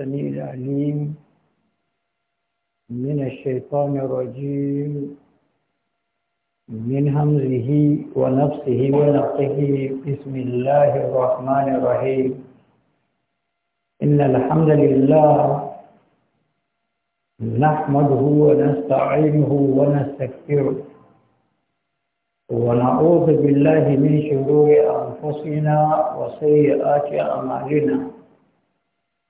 السميع العليم من الشيطان الرجيم من همزه ونفسه ونفسه بسم الله الرحمن الرحيم إن الحمد لله نحمده ونستعينه ونستكفره ونعوذ بالله من شرور أنفسنا وسيئات أعمالنا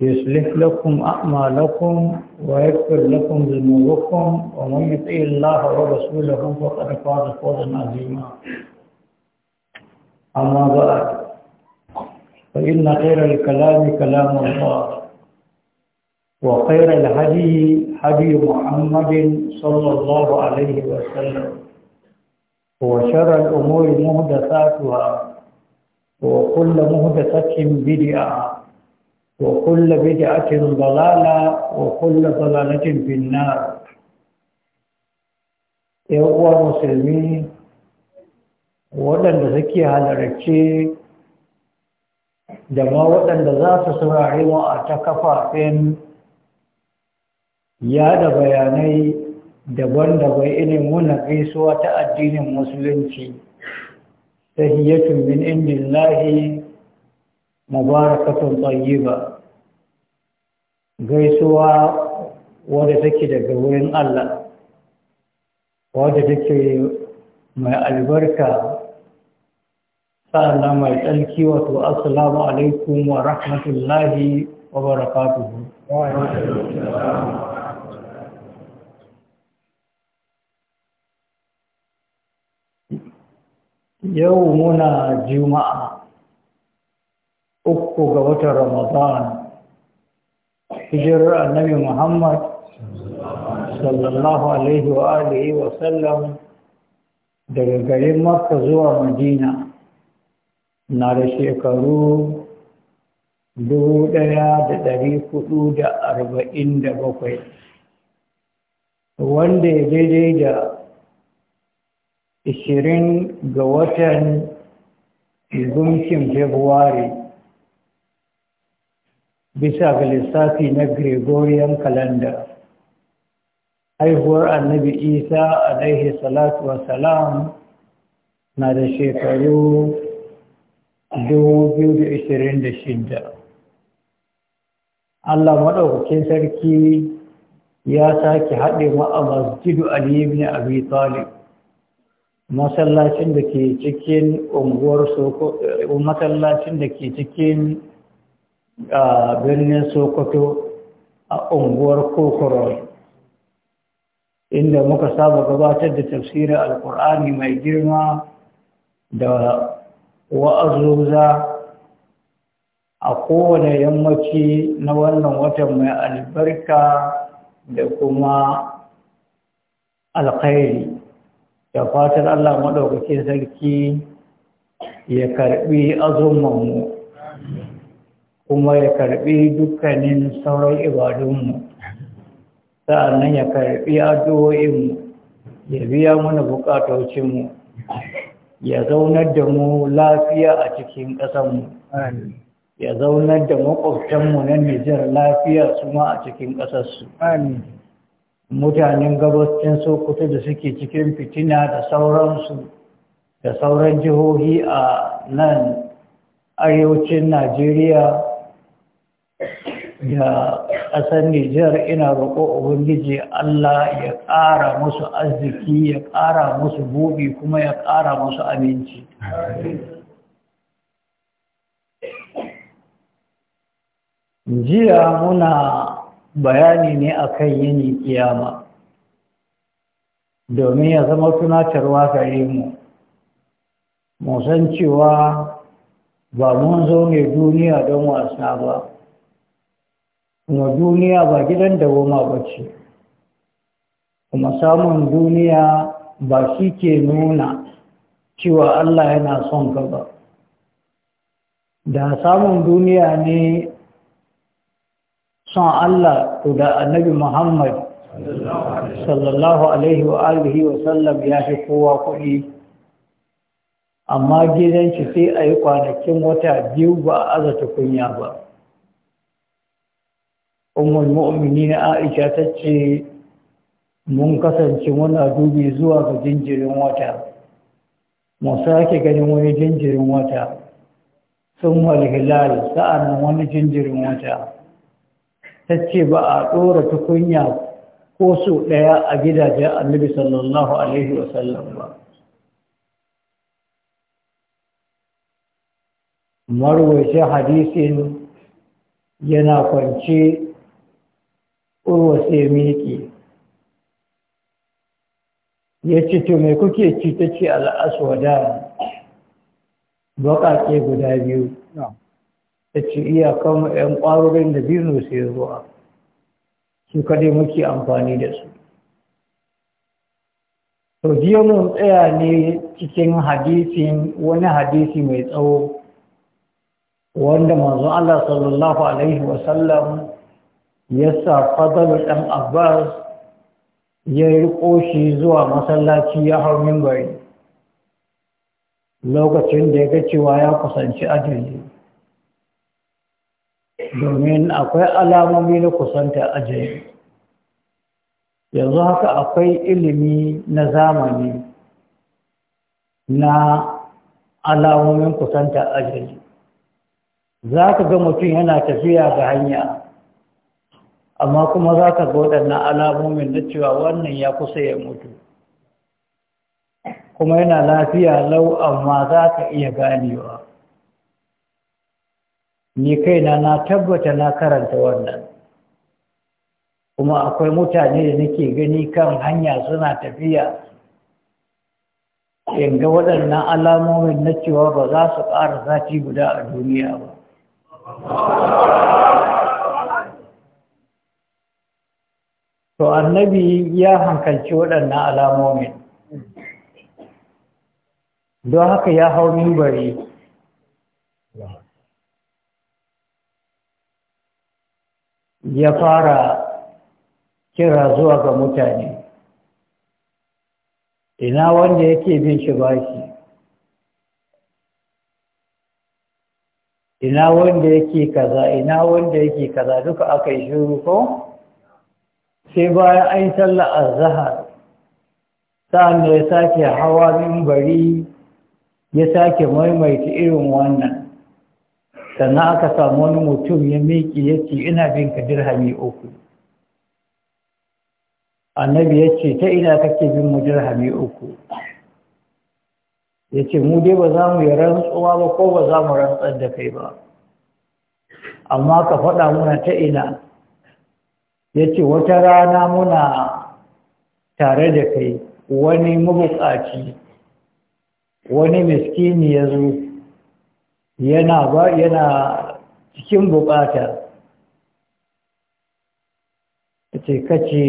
يصلح لكم أعمالكم ويغفر لكم ذنوبكم ومن يطع الله ورسوله فقد فاز فوزا عظيما أما بعد فإن خير الكلام كلام الله وخير الهدي هدي محمد صلى الله عليه وسلم وشر الأمور مهدثاتها وكل مهدثة بدعة وكل بدعة ضلالة وكل ضلالة في النار uwa Musulmi, waɗanda suke halarci da ma waɗanda za su saurari wa ta kafafen yaɗa bayanai daban-daban irin muna gaisuwa ta addinin musulunci ta hiyatun min indillahi mubarakatun tayyiba gaisuwa wadda take daga wurin Allah wadda take mai albarka sa'annan mai tsarki wato assalamu alaikum wa rahmatullahi wa barakatuhu yau muna juma'a uku ga watan Ramadan hijirar annabi Muhammad sallallahu alaihi wa alihi wa sallam daga garin Makka zuwa Madina na da shekaru dubu ɗaya da ɗari huɗu da arba'in da bakwai wanda ya daidai da ishirin ga watan gumshin Februari bisa ga lissafi na gregorian calendar haihuwar annabi isa a daihe salatu wasalam na da shekaru 2026 allah maɗaukakin sarki ya sake haɗe ma'amar a masjidu ali ibn talib masallacin da ke cikin unguwar soko masallacin da ke cikin a birnin sokoto a unguwar kokoro inda muka saba gabatar da tafsirin alkur'ani mai girma da wa'azuza a kowane yammaci na wannan watan mai albarka da kuma alkhairi da fatan Allah maɗaukakin sarki ya karɓi azummanmu kuma ya karbi dukkanin sauran ibadunmu sa'annan ya karbi addu'o'inmu ya biya mana bukatocinmu ya zaunar da mu lafiya a cikin ƙasanmu ya zaunar da makwabtanmu na Nijar lafiya su ma a cikin ƙasarsu mutanen gabashin sokoto da suke cikin fitina da sauransu da sauran jihohi a nan arewacin najeriya da ƙasar Nijar ina roƙo Ubangiji Allah ya ƙara musu arziki ya ƙara musu buɗi kuma ya ƙara musu aminci. Jiya muna bayani ne a kan yini kiyama domin ya zama tunatarwa gare mu. Musan cewa ba mun zo ne duniya don wasa ba. kuma duniya ba gidan da goma ba ce kuma samun duniya ba shi ke nuna cewa Allah yana son ka ba da samun duniya ne son Allah to da annabi Muhammad sallallahu alaihi wa alihi wa sallam ya fi kowa kuɗi amma gidan shi sai a yi kwanakin wata biyu ba a azata kunya ba umar muminin na aisha ta ce mun kasance muna dubi zuwa ga jinjirin wata mu sake ganin wani jinjirin wata sun walhilal sa'an wani jinjirin wata ta ce ba a ɗora tukunya ko su ɗaya a gidajen annabi sallallahu alaihi wasallam ba marwace hadisin yana kwance urwa sai miƙi. ya ce to mai kuke ci ta ce al'aswada baƙaƙe guda biyu ta ce iyakan 'yan ƙwarorin da biyu sai ruwa su kaɗai muke amfani da su to jiya mun tsaya ne cikin hadisin wani hadisi mai tsawo wanda manzon Allah sallallahu alaihi wasallam yasa fadar ɗan abbas ya yi shi zuwa masallaci ya hau mimbari lokacin da ya ga cewa ya kusanci ajali domin akwai alamomi na kusanta ajali yanzu haka akwai ilimi na zamani na alamomin kusanta ajali za ka ga mutum yana tafiya ga hanya amma kuma za ka ga waɗannan alamomin na cewa wannan ya kusa ya mutu kuma yana lafiya lau amma za ka iya ganewa ni kaina na tabbata na karanta wannan kuma akwai mutane da nake gani kan hanya suna tafiya in ga waɗannan alamomin na cewa ba za su ƙara zati guda a duniya ba to annabi ya hankalci waɗannan alamomin don haka ya hau mimbari ya fara kira zuwa ga mutane ina wanda yake bin shi ina wanda yake kaza ina wanda yake kaza duka aka yi shuru ko sai bayan an yi sallar zahar sa'an ya sake hawa bari ya sake maimaita irin wannan sannan aka samu wani mutum ya miƙe ya ce ina bin ka dirhami uku annabi ya ce ta ina kake bin mu dirhami uku ya ce mu dai ba za mu yi rantsuwa ba ko ba za mu rantsar da kai ba amma ka faɗa muna ta ina ya ce wata rana muna tare da kai wani mabukaci wani miskini ya zo yana ba yana cikin bukata ce kace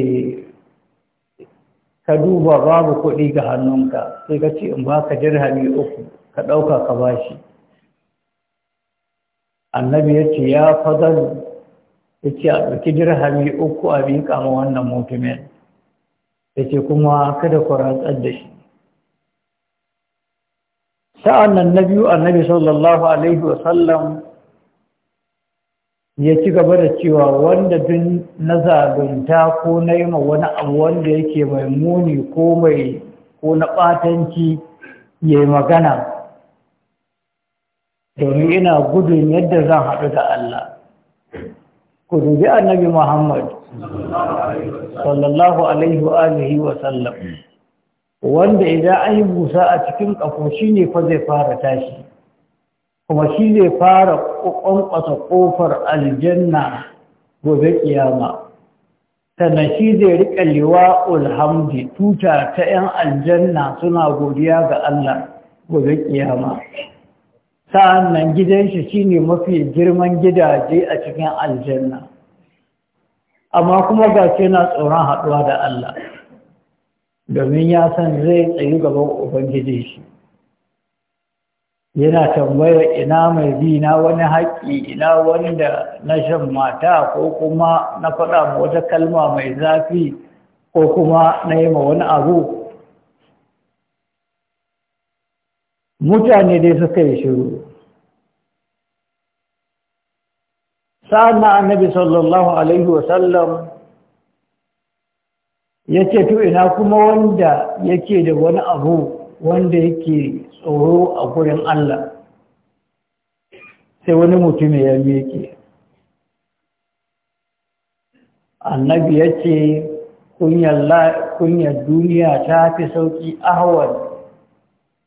ka duba babu kuɗi ga hannunka sai ka ce in ba baka dirhami uku ka ɗauka ka bashi annabi ya ce ya fadar ya ce a ɗauki dirhami uku a biyu kama wannan mutumin ya ce kuma kada ku rantsar da shi sa'an nan na biyu annabi sallallahu alaihi wasallam ya ci gaba da cewa wanda duk na zalunta ko na yi ma wani abu wanda yake mai muni ko mai ko na ɓatanci ya yi magana domin ina gudun yadda zan haɗu da Allah ku dubi annabi Muhammad sallallahu alaihi wa alihi wa sallam wanda idan an yi busa a cikin kafo shine fa zai fara tashi kuma shi zai fara kwankwasa kofar aljanna gobe kiyama sannan shi zai riƙa liwa ulhamdi tuta ta 'yan aljanna suna godiya ga Allah gobe kiyama sa'annan gidan shi shine mafi girman gidaje a cikin aljanna amma kuma ga ce na tsoron haɗuwa da Allah domin ya san zai tsayi gaban ubangiji shi yana tambayar ina mai bi na wani haƙƙi ina wanda na shan mata ko kuma na faɗa wata kalma mai zafi ko kuma na yi ma wani abu mutane dai suka yi shiru sa'an na annabi sallallahu alaihi wasallam ya ce to ina kuma wanda yake da wani abu wanda yake tsoro a gurin Allah sai wani mutum ya meke annabi ya ce kunyar duniya ta fi sauƙi ahawar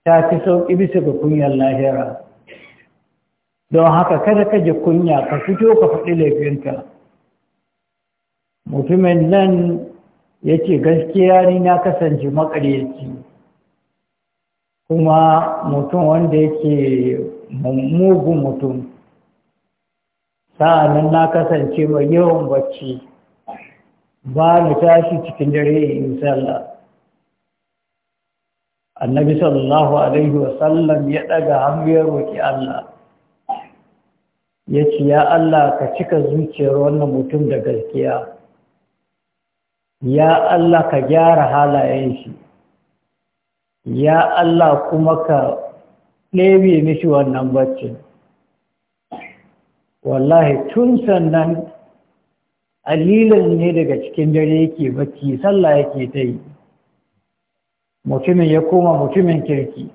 ta fi sauƙi bisa ga kunyar lahira don haka kada ka ji kunya ka fito ka faɗi laifinka mutumin nan ya ce gaskiya ni na kasance makaryaci kuma mutum wanda yake mugun mutum sa'anan na kasance mai yawan bacci ba mu tashi cikin dare in sallah annabi sallallahu alaihi wasallam ya daga hanyar roki Allah ya ci ya Allah ka cika zuciyar wannan mutum da gaskiya ya Allah ka gyara halayen shi ya Allah kuma ka ɗebe mishi wannan baccin wallahi tun sannan alilin ne daga cikin dare yake bacci sallah yake ta yi mutumin ya koma mutumin kirki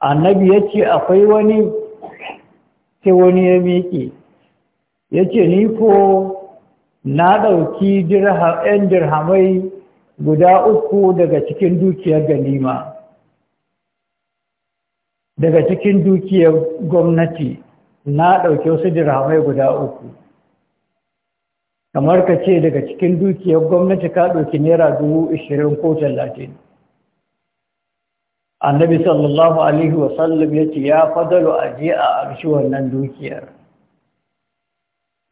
annabi ya ce akwai wani ce wani ya miƙe ya ce ni ko na ɗauki ‘yan dirhamai guda uku daga cikin dukiyar ganima daga cikin dukiyar gwamnati na ɗauki wasu dirhamai guda uku kamar ka ce daga cikin dukiyar gwamnati ka ɗauki naira dubu ishirin ko talatin annabi sallallahu alaihi wasallam ya ce ya fadalo a je a arshi wannan dukiyar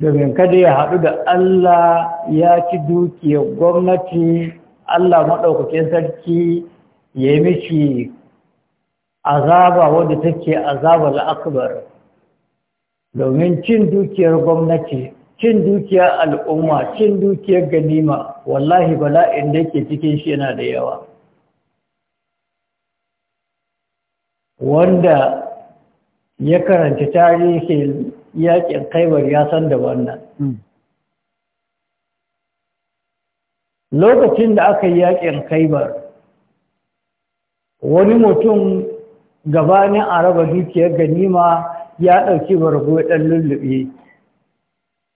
domin kada ya haɗu da Allah ya ci dukiyar gwamnati Allah maɗaukakin sarki ya yi mishi azaba wadda take azabar akbar domin cin dukiyar gwamnati cin dukiya al'umma cin dukiyar ganima wallahi bala'in da ke cikin shi yana da yawa wanda ya karanta tarihin yakin kaibar ya san da wannan hmm. lokacin da aka yi yakin kaibar wani mutum gabanin araba dukiyar ganima ya ɗauki bargo ɗan lullube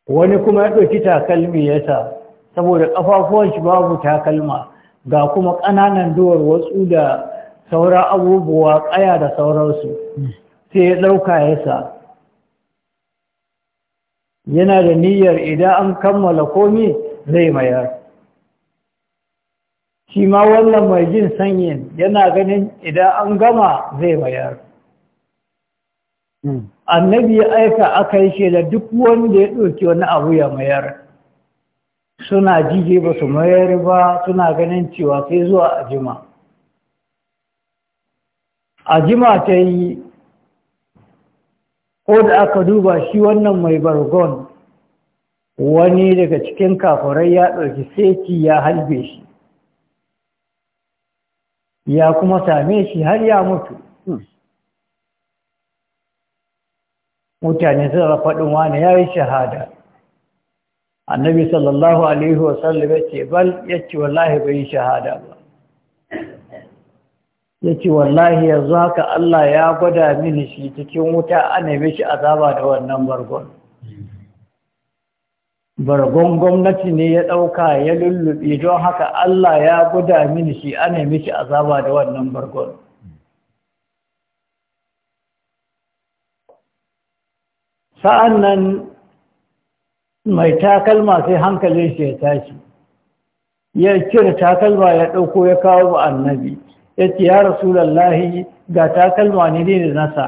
wani kuma ya ɗauki takalmi ya sa saboda ƙafafuwan shi babu takalma ga kuma ƙananan duwar wasu da sauran abubuwa ƙaya da sauransu sai ya ɗauka ya sa yana da niyyar idan an kammala komi zai mayar shi ma wannan mai jin sanyin yana ganin idan an gama zai mayar hmm. annabi ya aika aka yi shaida, duk wanda ya ɗauki wani abu ya mayar suna jije ba su mayar ba suna ganin cewa sai zuwa a jima a jima ta yi ko da aka duba shi wannan mai bargon wani daga cikin kafurai ya ɗauki seki ya halbe shi ya kuma same shi har ya mutu mutane suna faɗin wani ya yi shahada annabi sallallahu alaihi wasallam ya ce bal ya ce wallahi bai yi shahada ba ya ce wallahi yanzu haka Allah ya gwada mini shi cikin wuta shi a azaba da wannan bargon bargon gwamnati ne ya ɗauka ya lullube don haka Allah ya gwada mini shi shi a azaba da wannan bargon sa'an nan mai takalma sai hankalin shi ya tashi ya kira takalma ya ɗauko ya kawo ba annabi ya ce ya rasulallahi ga takalma ne ne da nasa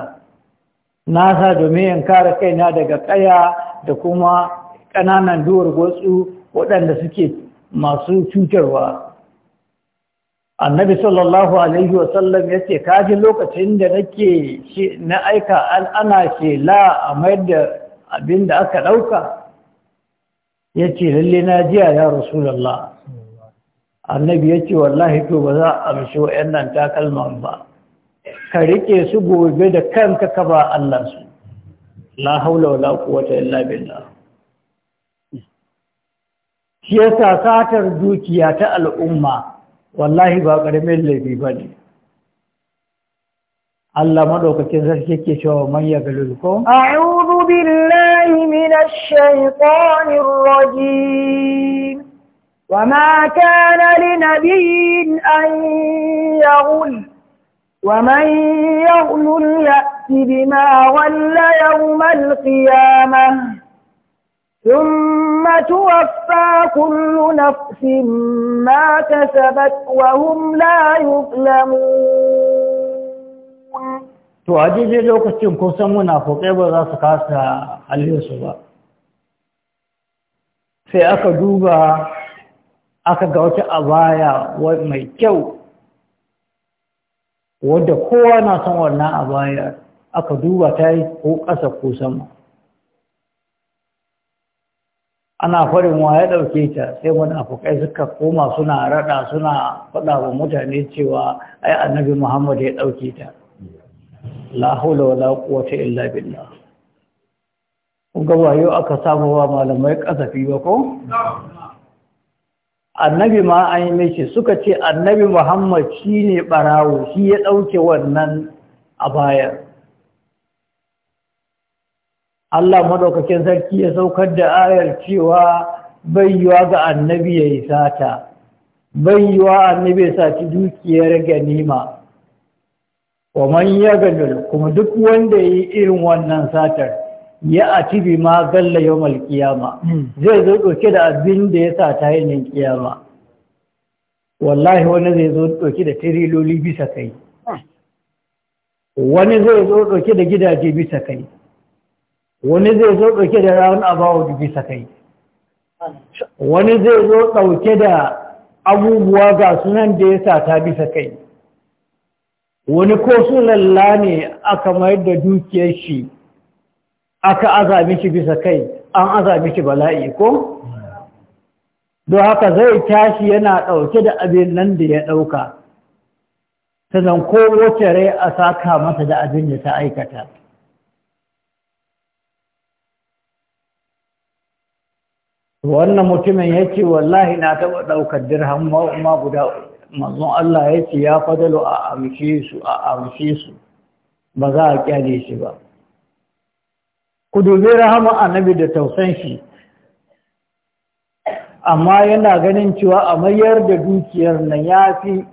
nasa domin yin kare kaina daga ƙaya da kuma ƙananan duwar gotsu waɗanda suke masu cutarwa annabi sallallahu alaihi wasallam ya ce kaji lokacin da nake na aika ana ce la a mayar da abin da aka ɗauka ya ce lalle na jiya ya rasulallah annabi ya ce wallahi to ba za a amshi wa'annan takalman ba ka riƙe su gobe da kanka ka ba Allah su la haula wala quwwata illa billah shi yasa satar dukiya ta al'umma wallahi ba ƙaramin laifi ba ne Allah maɗaukacin zarfi yake cewa manya ga lulko? a yi billahi min shaitanin raji wama kana li nabiyin an ya hul waman ya hulun ya bima walla yawmal qiyama. ma ثم توفى كل نفس ما كسبت وهم لا يظلمون to a daidai lokacin ko san munafukai ba za su kasa halinsu ba sai aka duba aka ga wata abaya mai kyau wadda kowa na son wannan abaya aka duba ta yi ko ƙasa ko sama ana farin wa ya ɗauke ta sai munafukai suka koma suna raɗa suna faɗa wa mutane cewa ai annabi muhammad ya ɗauke ta la hawla wala quwwata illa billah kun ga wayo aka samu wa malamai kasafi ba ko annabi ma an yi mishi suka ce annabi muhammad shine barawo shi ya ɗauke wannan a bayar. Allah madaukakin sarki ya saukar da ayar cewa bayyuwa ga annabi ya yi sata bayyuwa annabi ya saci dukiyar ganima wa man ya kuma duk wanda ya yi irin wannan satar ya a cibi ma galla yau qiyama zai zo ɗauke da abin da ya sata yanin kiyama wallahi wani zai zo ɗauke da tiriloli bisa kai wani zai zo ɗauke da gidaje bisa kai wani zai zo ɗauke da rawun abawa bisa kai? wani zai zo ɗauke da abubuwa ga sunan da ya sata bisa kai wani ko su lalla ne aka mayar da dukiyar shi aka azami shi bisa kai an azami shi bala'i ko? don haka zai tashi yana ɗauke da abin nan da ya ɗauka sannan ko wace rai a saka mata da abin da ta aikata wannan mutumin ya ce wallahi na taɓa ɗaukar dirham ma guda mazun Allah ya ce ya fadalo a amshe su a amshe su ba za a kyale shi ba ku dubi rahama annabi da tausan shi amma yana ganin cewa a mayar da dukiyar na ya fi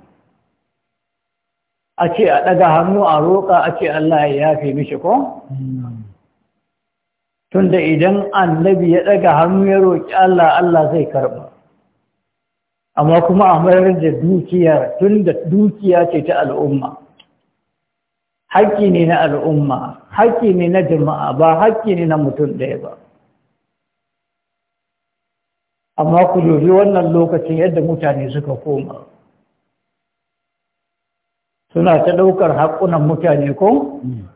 a ce a ɗaga hannu a roƙa a ce Allah ya yafe mishi ko? Hmm. tunda idan annabi ya daga hannu ya roƙi Allah Allah zai karɓa amma kuma a mayar da tun tunda dukiya ce ta al'umma haƙƙi ne na al'umma haƙƙi ne na jama'a ba haƙƙi ne na mutum ɗaya ba amma ku dubi wannan lokacin yadda mutane suka koma suna ta ɗaukar haƙƙunan mutane ko hmm.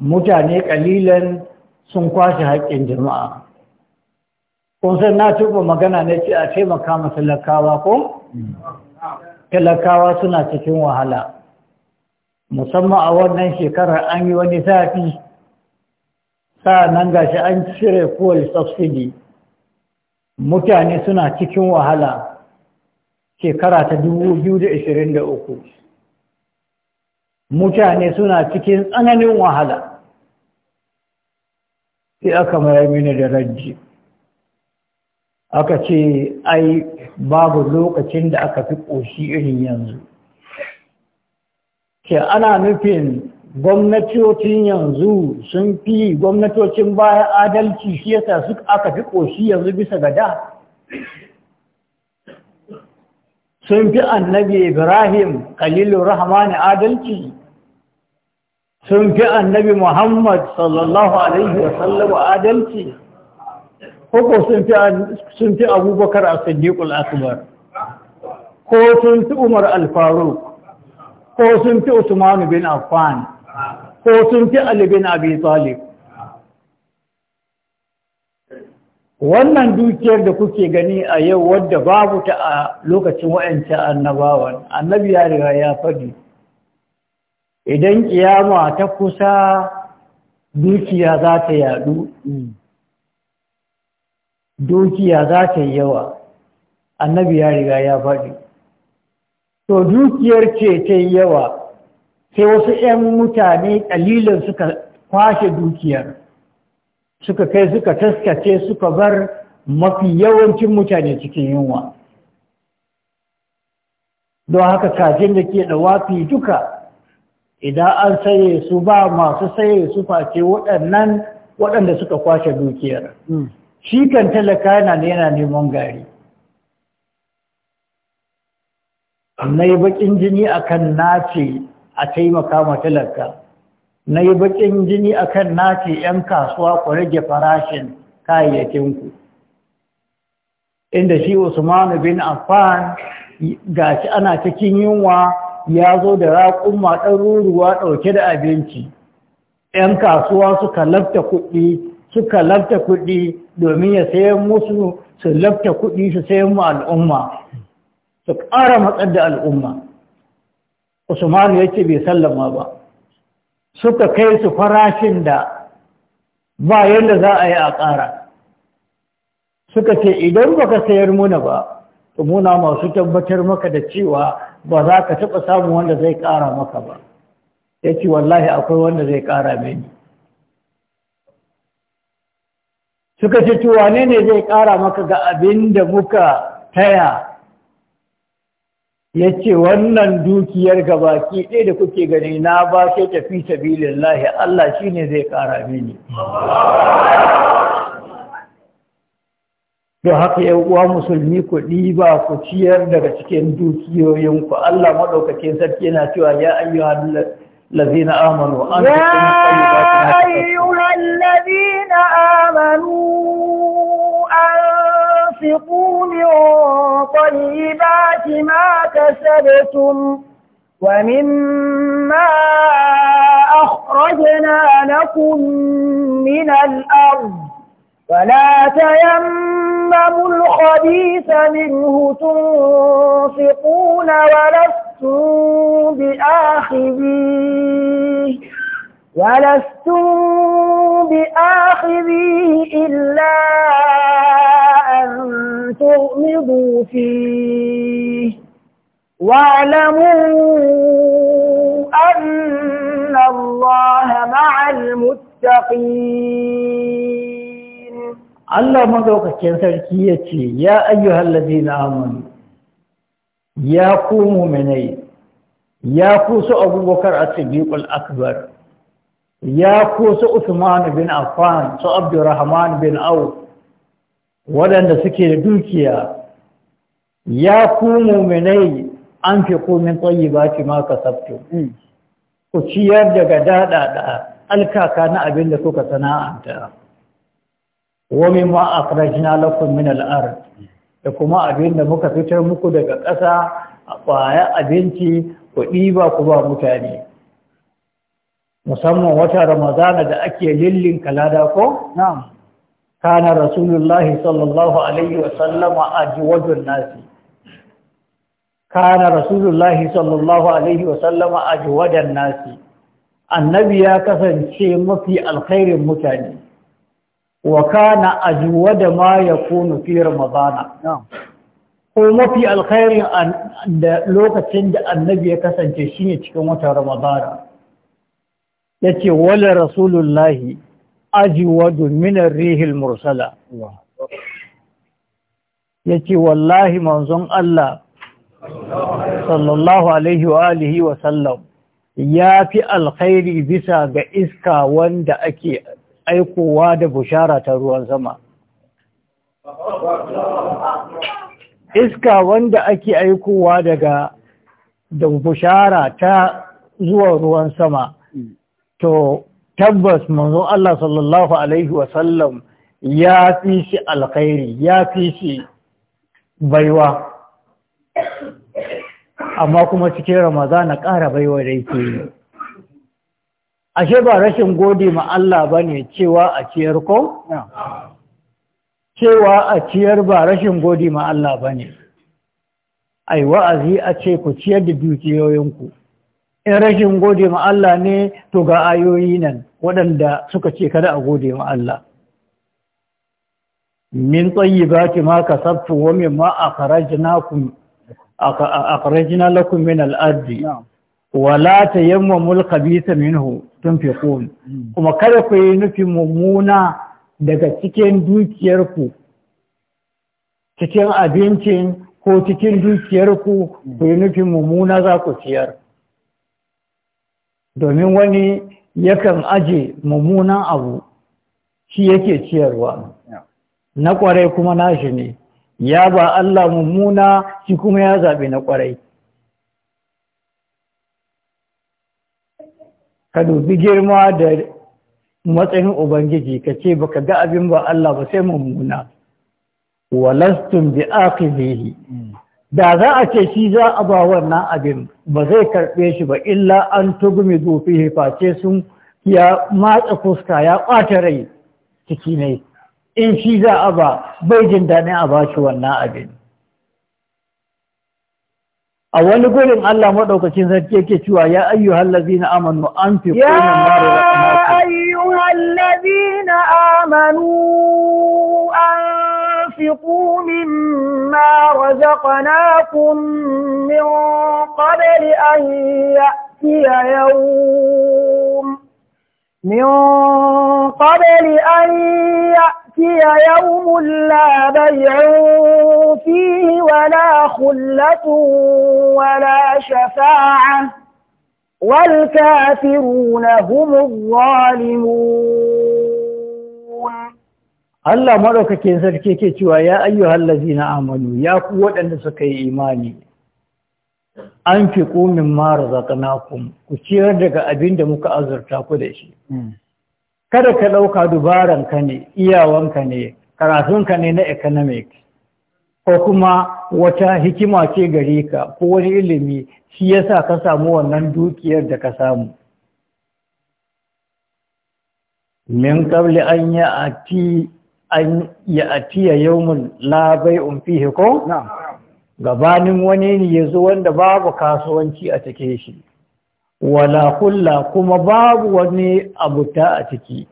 mutane kalilan sun kwashe haƙƙin jama'a Kun san na tuba magana na ce a taimaka ma talakawa ko? talakawa suna cikin wahala musamman a wannan shekarar an yi wani zafi nan gashi an cire kowai subsidi mutane suna cikin wahala shekara ta 2023 mutane suna cikin tsananin wahala sai aka mara mini da rajji aka ce ai babu lokacin da aka fi ƙoshi irin yanzu ke ana nufin gwamnatocin yanzu sun fi gwamnatocin baya adalci shi yasa su aka fi ƙoshi yanzu bisa ga da sun fi annabi ibrahim Khalilu rahmani adalci sun fi annabi Muhammad sallallahu Alaihi wasallam adalci koko sun fi abubakar a Sadiqul akbar ko sun fi umar alfaru ko sun fi usman bin affan ko sun fi ali bin abi talib wannan dukiyar da kuke gani a yau wadda babu ta a lokacin wa'ancan annabawan annabi ya riga ya faɗi idan kiyama ta kusa dukiya za ta yadu dukiya za ta yi yawa annabi ya riga ya faɗi to dukiyar ce ta yi yawa sai wasu 'yan mutane ƙalilin suka kwashe dukiyar suka kai suka taskace suka bar mafi yawancin mutane cikin yunwa don haka kajin da ke da wafi duka idan an saye su ba masu saye su face waɗannan waɗanda suka kwashe dukiyar hmm. shi kan talaka yana yana neman gari na yi baƙin jini akan nace a taimaka ma talaka na yi baƙin jini akan nace 'yan kasuwa ku rage farashin kayayyakinku inda shi usman bin affan gashi ana cikin yunwa ya zo da raƙumma ɗaruruwa ɗauke da abinci ‘yan kasuwa suka lafta kuɗi suka lafta kuɗi domin ya sayan musu su lafta kuɗi su sayan mu al'umma su ƙara matsar da al'umma usman ya ce bai sallama ba suka kai su farashin da ba yadda za a yi a ƙara suka ce idan baka sayar muna ba muna masu tabbatar maka da cewa ba za ka taɓa samun wanda zai ƙara maka ba ya ce wallahi akwai wanda zai ƙara mini suka ce cewa ne ne zai ƙara maka ga abin da muka taya ya ce wannan dukiyar gabaki ɗaya da kuke gani na ba ke tafi sabilin lahi Allah shi ne zai ƙara mini to haka yan uwa musulmi ku diba ku ciyar daga cikin dukiyoyin ku Allah madaukakin sarki yana cewa ya ayyuhal الذين آمنوا أنتم يا أيها الذين آمنوا أنفقوا من طيبات ما كسبتم ومما أخرجنا لكم من الأرض فلا تيمموا الخبيث منه تنفقون ولستم بآخذيه ولستم بآخذيه إلا أن تغمضوا فيه واعلموا أن الله مع المتقين Allah madaukakin sarki ya ce ya ayyuhal ladina amanu ya ku mu'minai ya ku su abubakar as-siddiqul akbar ya ku su Usman bin Affan su Abdurrahman bin au waɗanda suke da dukiya ya ku muminai an fi komin tsayyibati ma kasabtu mm. ku ciyar daga daɗaɗa alkaka na abin da kuka sana'anta wani ma a farajina lakon da kuma abin da muka fitar muku daga ƙasa a ƙwaya abinci kuɗi ba ku ba mutane musamman wata ramadana da ake lillin kalada ko? na'am kana rasulullahi sallallahu alaihi wasallama a jiwajin nasi kana rasulullahi sallallahu alaihi wasallama a jiwajen nasi annabi ya kasance mafi alkhairin mutane wa kana da ma yakunu fi ramadana ko mafi alkhairi da lokacin da annabi ya kasance shine cikin watan ramadana yace wala rasulullahi ajwadu min dominan rihil mursala Ya ce wallahi manzon Allah sallallahu alaihi wa alihi wa sallam ya fi alkhairi bisa ga iska wanda ake aikowa da bushara ta ruwan sama iska wanda ake aikowa daga da bushara ta zuwa ruwan sama to tabbas manzo Allah sallallahu alaihi wasallam ya fi shi alkhairi ya fi shi baiwa amma kuma cikin ramazana ƙara baiwa da yake yi ashe ba rashin gode ma Allah ba ne cewa a ciyar ko? cewa a ciyar ba rashin gode ma Allah ba ne ai wa'azi a ce ku ciyar da dukiyoyinku in rashin gode ma Allah ne to ga ayoyi nan waɗanda suka ce kada a gode ma Allah min tsayi ba ki ma sabtu wa min ma a lakum min al wala ta yamma mulka bisa minhu tun fi hmm. kuma kada ku yi nufi mummuna daga cikin dukiyarku cikin abincin ko cikin dukiyarku ku yi nufi mummuna za ku ciyar domin wani yakan aje mummunan abu shi yake ciyarwa na kwarai kuma nashi ne ya ba Allah mummuna shi kuma ya zaɓi na kwarai ka dubi girma da matsayin ubangiji ka ce ba ka ga abin ba Allah ba sai mummuna walastun bi aqibihi da za a ce shi za a ba wannan abin ba zai karɓe shi ba illa an tugumi zofi face sun ya matsa fuska ya ɓata rai ciki ne in shi za a ba bai jin daɗin a ba shi wannan abin a wani gurin Allah maɗaukacin sarki yake cewa ya ayyuhal na amanu anfiqu mimma razaqnakum ya ayyuhal na amanu أنفقوا مما رزقناكم من قبل أن يأتي يوم من قبل أن يأتي يأتي yau لا بيع فيه ولا خلة ولا شفاعة والكافرون هم الظالمون Allah maɗaukakin sarki ke cewa ya ayyuhal na amanu ya ku waɗanda suka yi imani an fi ƙomin mara zaƙanakun ku ciyar daga abin da muka azurta ku da shi kada ka ɗauka dubaran ka ne iyawanka ne karatunka ne na economic ko kuma wata hikima ce gare ka ko wani ilimi shi ya sa ka samu wannan dukiyar da ka samu min qabli an ya'ati an ya'ati yawmun la bai'un fihi ko gabanin wani ne ya zo wanda babu kasuwanci a take shi wala kulla kuma babu wani abuta a ciki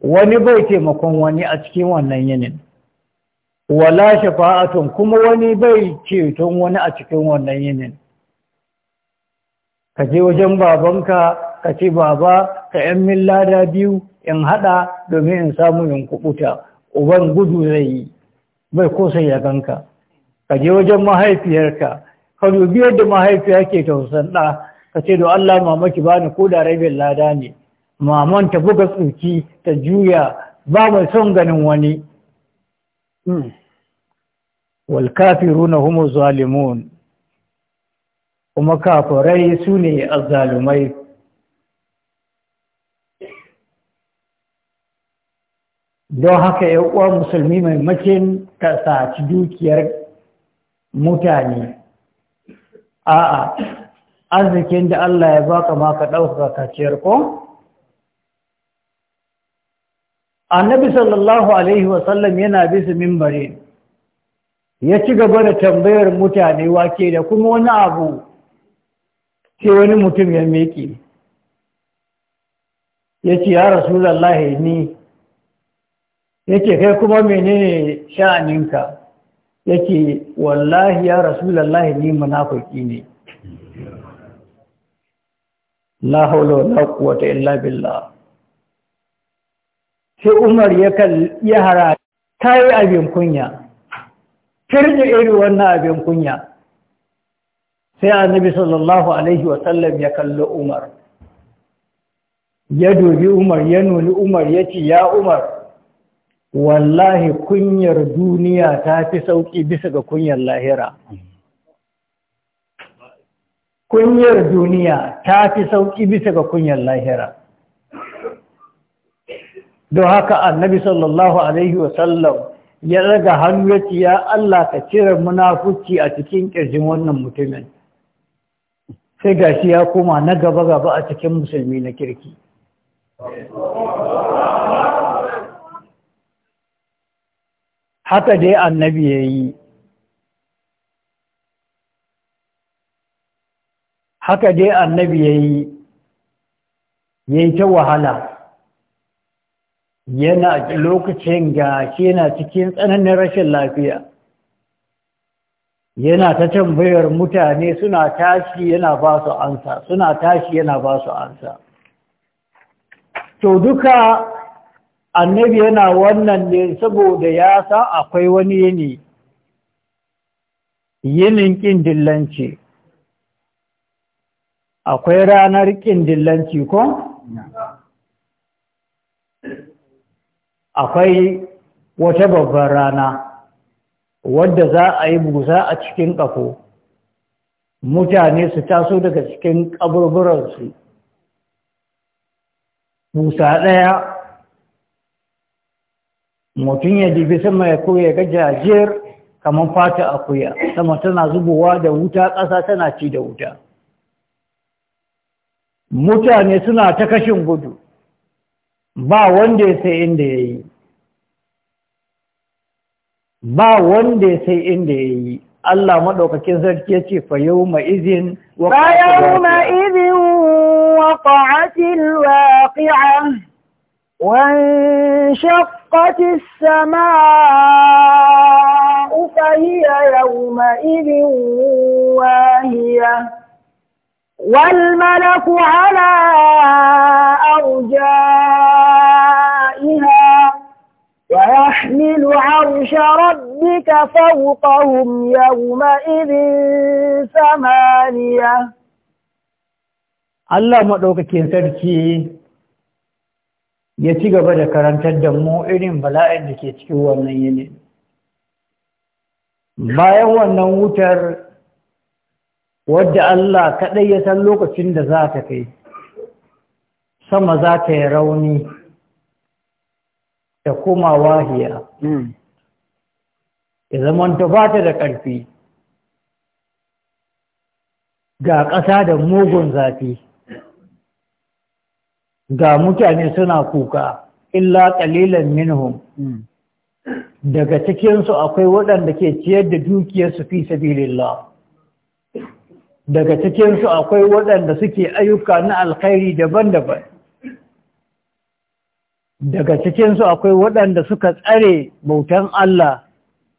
wani bai taimakon wani a cikin wannan yinin wala shafa'atun kuma wani bai ceton wani a cikin wannan yinin ka je wajen babanka ka ce baba ka yan min lada biyu in haɗa domin in samu yin kubuta uban gudu zai yi bai kosa ya ganka ka je wajen mahaifiyarka ka dubi yadda mahaifiya ke tausan ɗa ka ce da Allah mama ki bani ko da rabin lada ne maman ta buga tsoki ta juya ba mai son ganin wani hmm. wal kafiruna humu zalimun kuma kafirai su ne azzalumai don haka uwa musulmi mai makin ta saci dukiyar mutane a'a arzikin da Allah ya baka ma ka ɗaukaka kaciyar ko? annabi sallallahu alaihi wasallam yana bisa mimbari ya ci gaba da tambayar mutane wake da kuma wani abu sai wani mutum ya meki ya ce ya rasulallahi ni ya ce kai kuma menene sha'aninka ya ce wallahi ya rasulallahi ni munafuki ne la haula wala quwwata illa billah sai Umar ya kan ya hara kai abin kunya kirje irin wannan abin kunya sai annabi sallallahu alaihi wa sallam ya kallo Umar ya dubi Umar ya nuni Umar ya ce ya Umar wallahi kunyar duniya ta fi sauki bisa ga kunyar lahira kunyar duniya ta fi sauƙi bisa ga kunyar lahira don haka annabi sallallahu alaihi wasallam ya raga hannu ya Allah ka cire munafuci a cikin ƙirjin wannan mutumin sai gashi ya koma na gaba-gaba a cikin musulmi na kirki haka dai annabi ya yi haka dai annabi ya yi ya ta wahala yana lokacin ga shi yana cikin tsananin rashin lafiya yana ta tambayar mutane suna tashi yana ba su ansa suna tashi yana ba su ansa to duka annabi yana wannan ne saboda ya sa akwai wani yini yinin ƙin dillanci akwai ranar ƙindillanci ko? akwai wata babbar rana wadda za a yi busa a cikin ƙafo mutane su taso daga cikin ƙaburburansu busa ɗaya mutum ya jibi sama ya koya ga jajiyar kamar fata akuya sama tana zubowa da wuta ƙasa tana ci da wuta mutane suna ta kashin gudu ba wanda ya sai inda ya yi ba wanda ya sai inda ya yi Allah maɗaukakin sarki ya ce fa yau ma'izin waƙa'atil waƙi'a وانشقت السماء فهي يومئذ والملك على أرجائها ويحمل عرش ربك فوقهم يومئذ ثمانية Allah maɗaukakin sarki ya ci gaba da karantar da mu irin bala'in da ke cikin wannan yini. Bayan wannan wutar wadda Allah kaɗai ya san lokacin da za ta kai sama za ta yi rauni da kuma wahiya hmm. ya zamanta ba ta da ƙarfi ga ƙasa da mugun zafi ga mutane suna kuka illa ƙalilan minhum hmm. daga cikinsu akwai waɗanda ke ciyar da dukiyarsu fi sabilillah daga cikinsu akwai waɗanda suke ayyuka na alkhairi daban-daban daga cikinsu akwai waɗanda suka tsare bautan Allah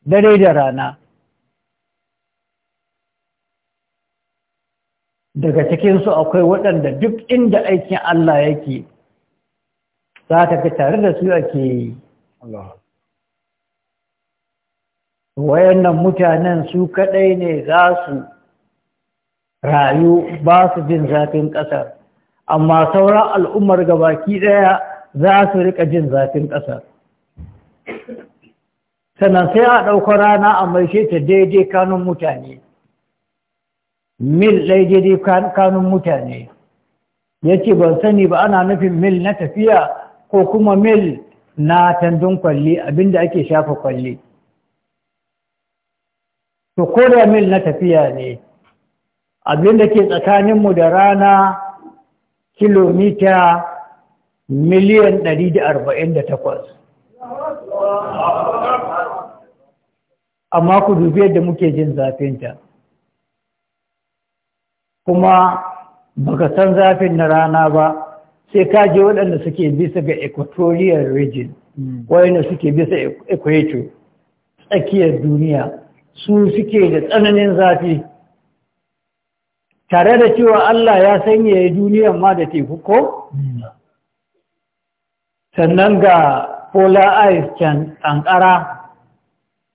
dare da rana daga cikinsu akwai waɗanda duk inda aikin Allah yake za ka fi tare da su ake yi wayannan mutanen su kaɗai ne za su rayu ba su jin zafin ƙasar amma sauran al'ummar gabaki ɗaya za su rika jin zafin ƙasar sannan sai a ɗauka rana a maishe ta daidai kanun mutane mil daidai kanun mutane ya ce ban sani ba ana nufin mil na tafiya ko kuma mil na tandun kwalli abinda ake shafa kwalli to ko mil na tafiya ne abin da ke tsakaninmu da rana kilomita miliyan ɗari da 148 amma ku dubi yadda muke jin zafinta kuma baka san zafin na rana ba sai ka je waɗanda suke bisa ga equatorial region waɗanda suke bisa equator tsakiyar duniya su suke da tsananin zafi tare da cewa Allah ya sanya duniya ma da teku ko? sannan ga polar ice can ƙanƙara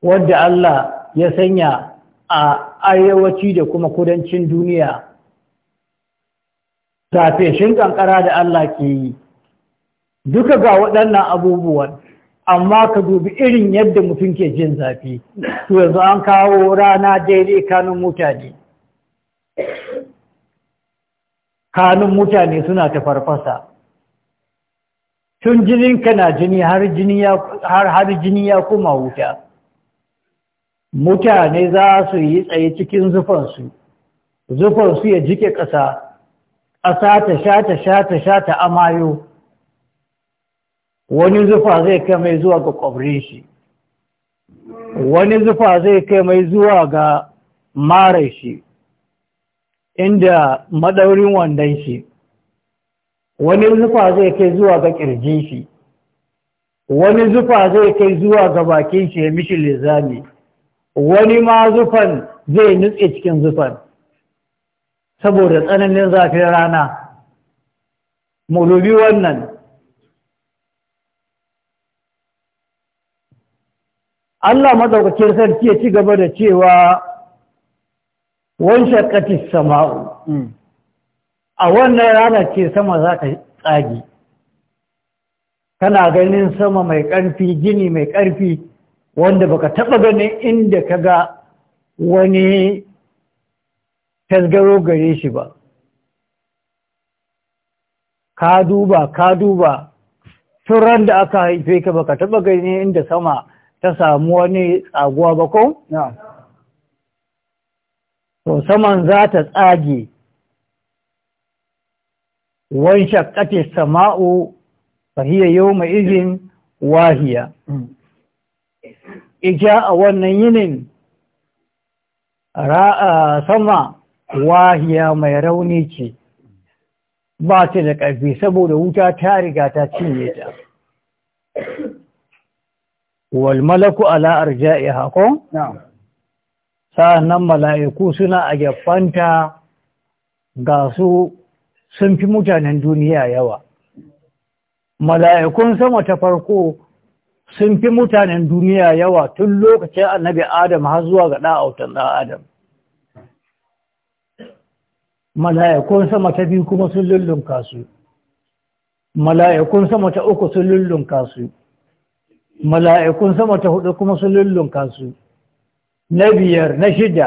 wadda Allah ya sanya a arewaci da kuma kudancin duniya tafeshin ƙanƙara da Allah ke yi duka ga waɗannan abubuwan amma ka dubi irin yadda mutum ke jin zafi to yanzu an kawo rana daidai kanun mutane kanun mutane suna ta farfasa tun jininka na jini har jini ya kuma wuta mutane za su yi tsaye cikin zufansu zufansu ya jike ƙasa ƙasa ta sha ta sha ta sha ta amayo wani zufa zai kai mai zuwa ga ƙwabrin shi wani zufa zai kai mai zuwa ga mara shi inda madaurin wandon shi wani zufa zai kai zuwa ga kirjin shi wani zufa zai kai zuwa ga bakin shi ya mishi lizami wani ma zufan zai nutse cikin zufan saboda tsananin zafin rana mulubi wannan Allah madaukakin sarki ya ci gaba da cewa wanshakati sama'u hmm. a wannan rana ce sama za ka tsagi kana ganin sama mai ƙarfi gini mai ƙarfi wanda baka taɓa ganin inda ka ga wani tasgaro gare shi ba ka duba ka duba turan da aka haife ka baka taba ganin inda sama ta samu wani tsaguwa ba ko? to saman za ta tsage wan shakkate sama'u fahiya yau mai izin wahiya ija a wannan yinin sama wahiya mai rauni ce ba ta da ƙarfi saboda wuta ta riga ta cinye ta wal malaku ala arja'i na'am sa'annan mala'iku suna a gefanta ga su sun fi mutanen duniya yawa mala'ikun sama ta farko sun fi mutanen duniya yawa tun lokacin annabi adam har zuwa ga ɗa'autan ɗan adam mala'ikun sama ta biyu kuma sun lullun su mala'ikun sama ta uku sun lullun su mala'ikun sama ta hudu kuma sun lullunka su na biyar na shida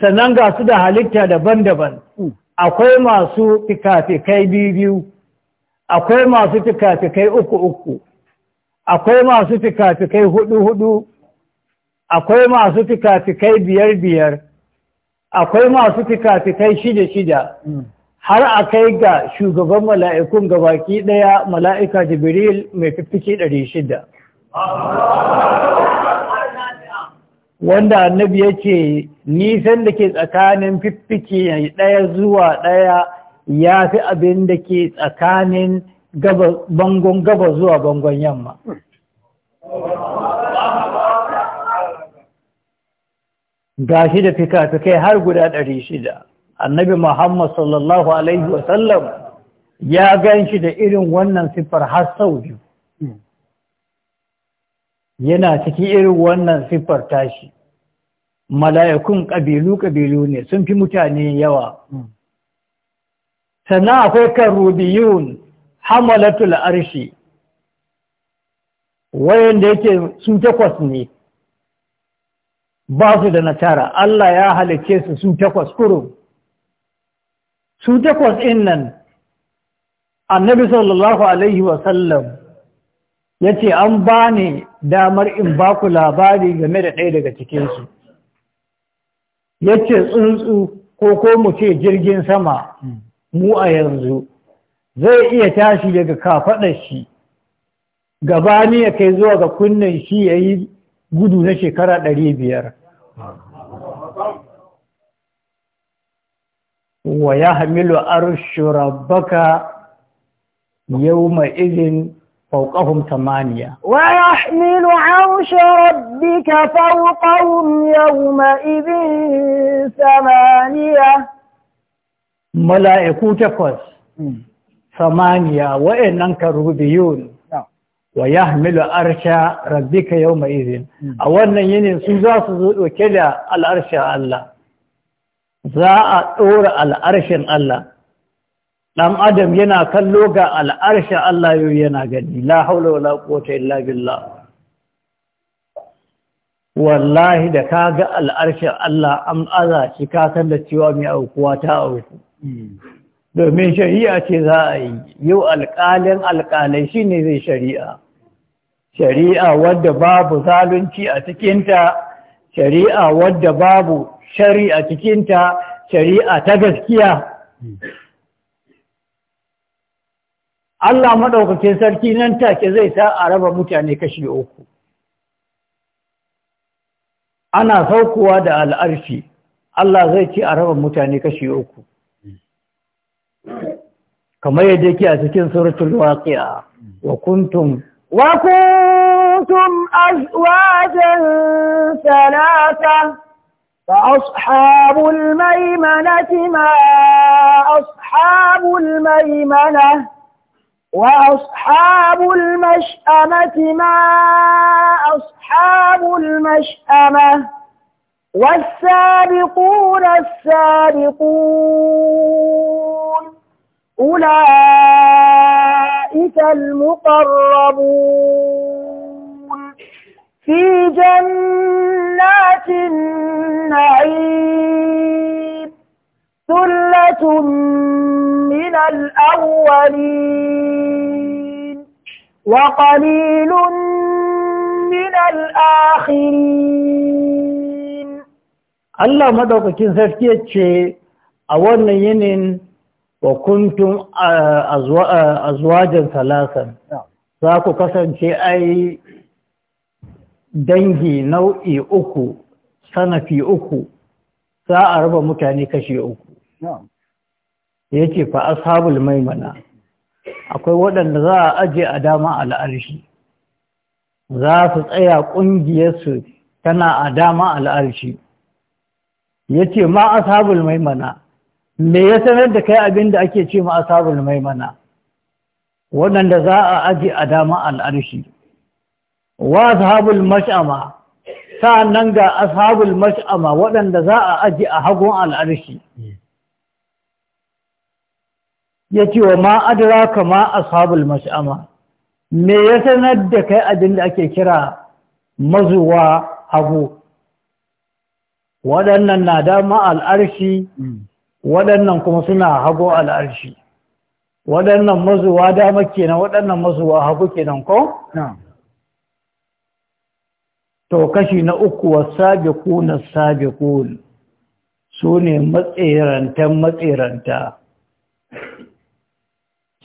sannan ga su da halitta daban-daban mm. akwai masu fikafikai biyu akwai masu fikafikai uku-uku akwai masu fikafikai hudu-hudu akwai masu fikafikai biyar-biyar akwai masu fikafikai shida-shida mm. har a kai ga shugaban mala'ikun gabaki ɗaya mala'ika jibril mai fiffiki shida. wanda annabi ya ce nisan da ke tsakanin fiffike ɗaya zuwa ɗaya ya fi abin da ke tsakanin bangon gaba zuwa bangon yamma ga shi da fika-fikai har guda ɗari shida annabi muhammad sallallahu alaihi wasallam ya gan shi da irin wannan siffar har sau biyu yana cikin irin wannan siffar tashi mala'ikun ƙabilu-ƙabilu ne sun fi mutane yawa hmm. sannan akwai karubiyun hamalatul arshi wayanda yake su takwas ne ba su da natara. Allah ya halicce su su takwas kurum su takwas innan nan annabi sallallahu alaihi wasallam ya ce an ba ni damar in ba ku labari game da ɗaya daga cikinsu ya ce tsuntsu ko ko mu ce jirgin sama mu a yanzu zai iya tashi daga kafaɗar shi gabani ya kai zuwa ga kunnen shi ya yi gudu na shekara ɗari biyar wa ya hamilu arshu rabbaka yau mai izin فوقهم ثمانية ويحمل عرش ربك فوقهم يومئذ ثمانية ملائكو تفوز ثمانية وإنك ربيون wa ya hamilu arsha rabbika yau mai izin a wannan yinin su za su ɗauke da al'arshen Allah za a ɗora al'arshen Allah Ɗan adam yana kallo ga al'arsha Allah yau yana gani la haula wa laƙota illa billah wallahi da ka ga al'arsha Allah an aza shi ka san da cewa mai aukuwa ta auku domin shari'a ce za a yi yau alƙalin alƙalai shine zai shari'a shari'a wadda babu zalunci a cikinta shari'a wadda babu shari'a cikinta shari'a ta gaskiya Allah maɗaukakin sarki nan take zai ta a raba mutane kashi uku ana saukowa da al'arfi. Allah zai ce a raba mutane kashi uku kamar yadda ke a cikin suratul waqi'a wa kuntum wa kuntum azwajan thalatha fa ashabul maimanati ma ashabul maimanah وأصحاب المشأمة ما أصحاب المشأمة والسابقون السابقون أولئك المقربون في جنات النعيم ثلة من الأولين وقليل من الآخرين الله مدوك كنسفتي ce a wannan yinin wa kuntum azwajan salasan za ku kasance ai dangi nau'i uku sanafi uku za a raba mutane kashi uku ya ce fa ashabul maimana akwai waɗanda za a aje a dama al'arshi za su tsaya ƙungiyarsu tana a dama al'arshi ya ce ma ashabul maimana me ya sanar da kai abinda ake ce ma ashabul maimana waɗanda za a aje a dama al'arshi wa ashabul mash'ama nan ga ashabul mash'ama waɗanda za a aje a hagun al'arshi hmm. ya ce wa ma'adara kama a sabul mash'ama me ya sanar da kai abin da ake kira mazuwa hagu waɗannan na dama al'arshi hmm. waɗannan kuma suna hagu al'arshi waɗannan mazuwa dama kenan waɗannan mazuwa hagu kenan ko? to kashi na uku wa kuna sabi sabiqun su ne matsirantan matsiranta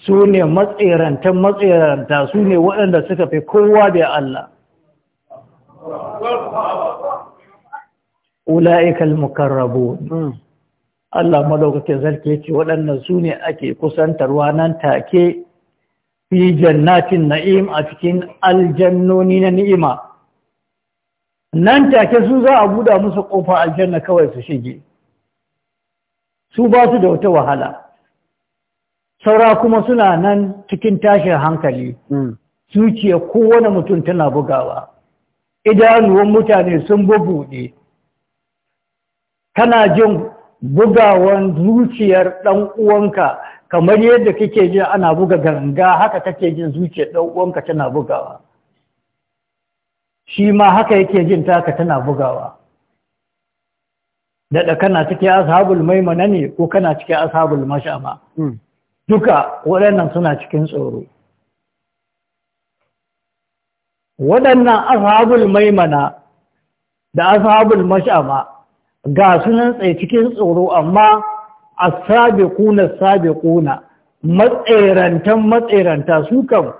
su ne matsirantar matsiranta su ne waɗanda suka fi kowa da Allah ula'ikal mukarrabu hmm. Allah madaukakin zarke ce waɗannan su ne ake kusantarwa nan take fi jannatin na'im a cikin aljannoni na ni'ima nan take su za a buɗa musu ƙofa aljanna kawai su shige su ba su da wata wahala saura kuma suna nan cikin tashin hankali hmm. zuciya kowane mutum tana bugawa idanuwan mutane sun bubuɗe kana jin bugawan zuciyar ɗan uwanka kamar yadda kake jin ana buga ganga haka kake jin zuciyar ɗan uwanka tana bugawa shi ma haka yake jin taka tana bugawa daɗa kana cikin ashabul maimana ne ko kana cikin ashabul mashama hmm. duka waɗannan suna cikin tsoro waɗannan ashabul maimana da ashabul mash'ama ga sunan tsaye cikin tsoro amma a sabe kuna sabe kuna matserantan matseranta su kan,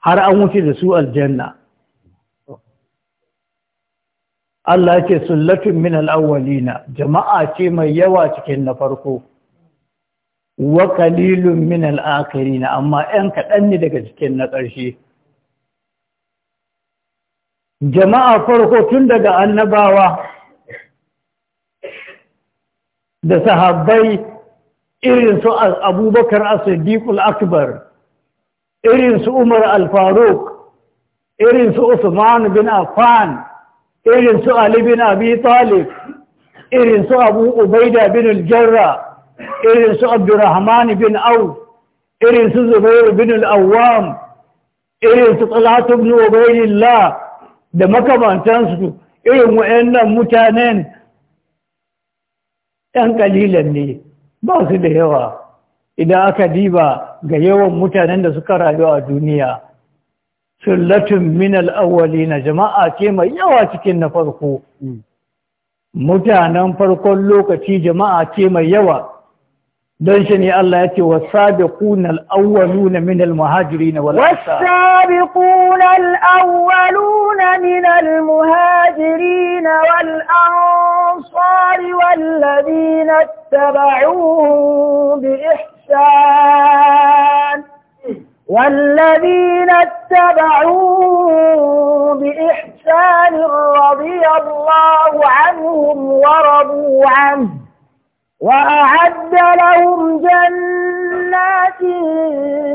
har an wuce da su aljanna Allah ce sullatun min al’awwalina jama'a ce mai yawa cikin na farko wa qalilun min na amma 'yan kaɗan ne daga cikin na ƙarshe jama'a farko tun daga annabawa da sahabbai irin su abubakar as akbar irin su umar al-faruq irin su usman bin Afan, irin su ali bin abi talib irin su abu ubaida bin al-jarrah irin su abdurrahman bin au irin su zubairu bin al'awam irin su tsalatu ibn da makamantansu irin wayannan mutanen Yan kalilan ne ba su da yawa idan aka diba ga yawan mutanen da suka rayu a duniya sullatun min al'awwali na jama'a ce mai yawa cikin na farko mm. mutanen farkon lokaci jama'a ce mai yawa don shi ne Allah ya ce wa sabiquna al-awwaluna min al-muhajirin wal ansar was-sabiquna al-awwaluna min al-muhajirin wal ansar wal-ladina ittaba'uhum bi ihsan والذين اتبعوا بإحسان رضي الله عنهم ورضوا عنه وأعد لهم جنات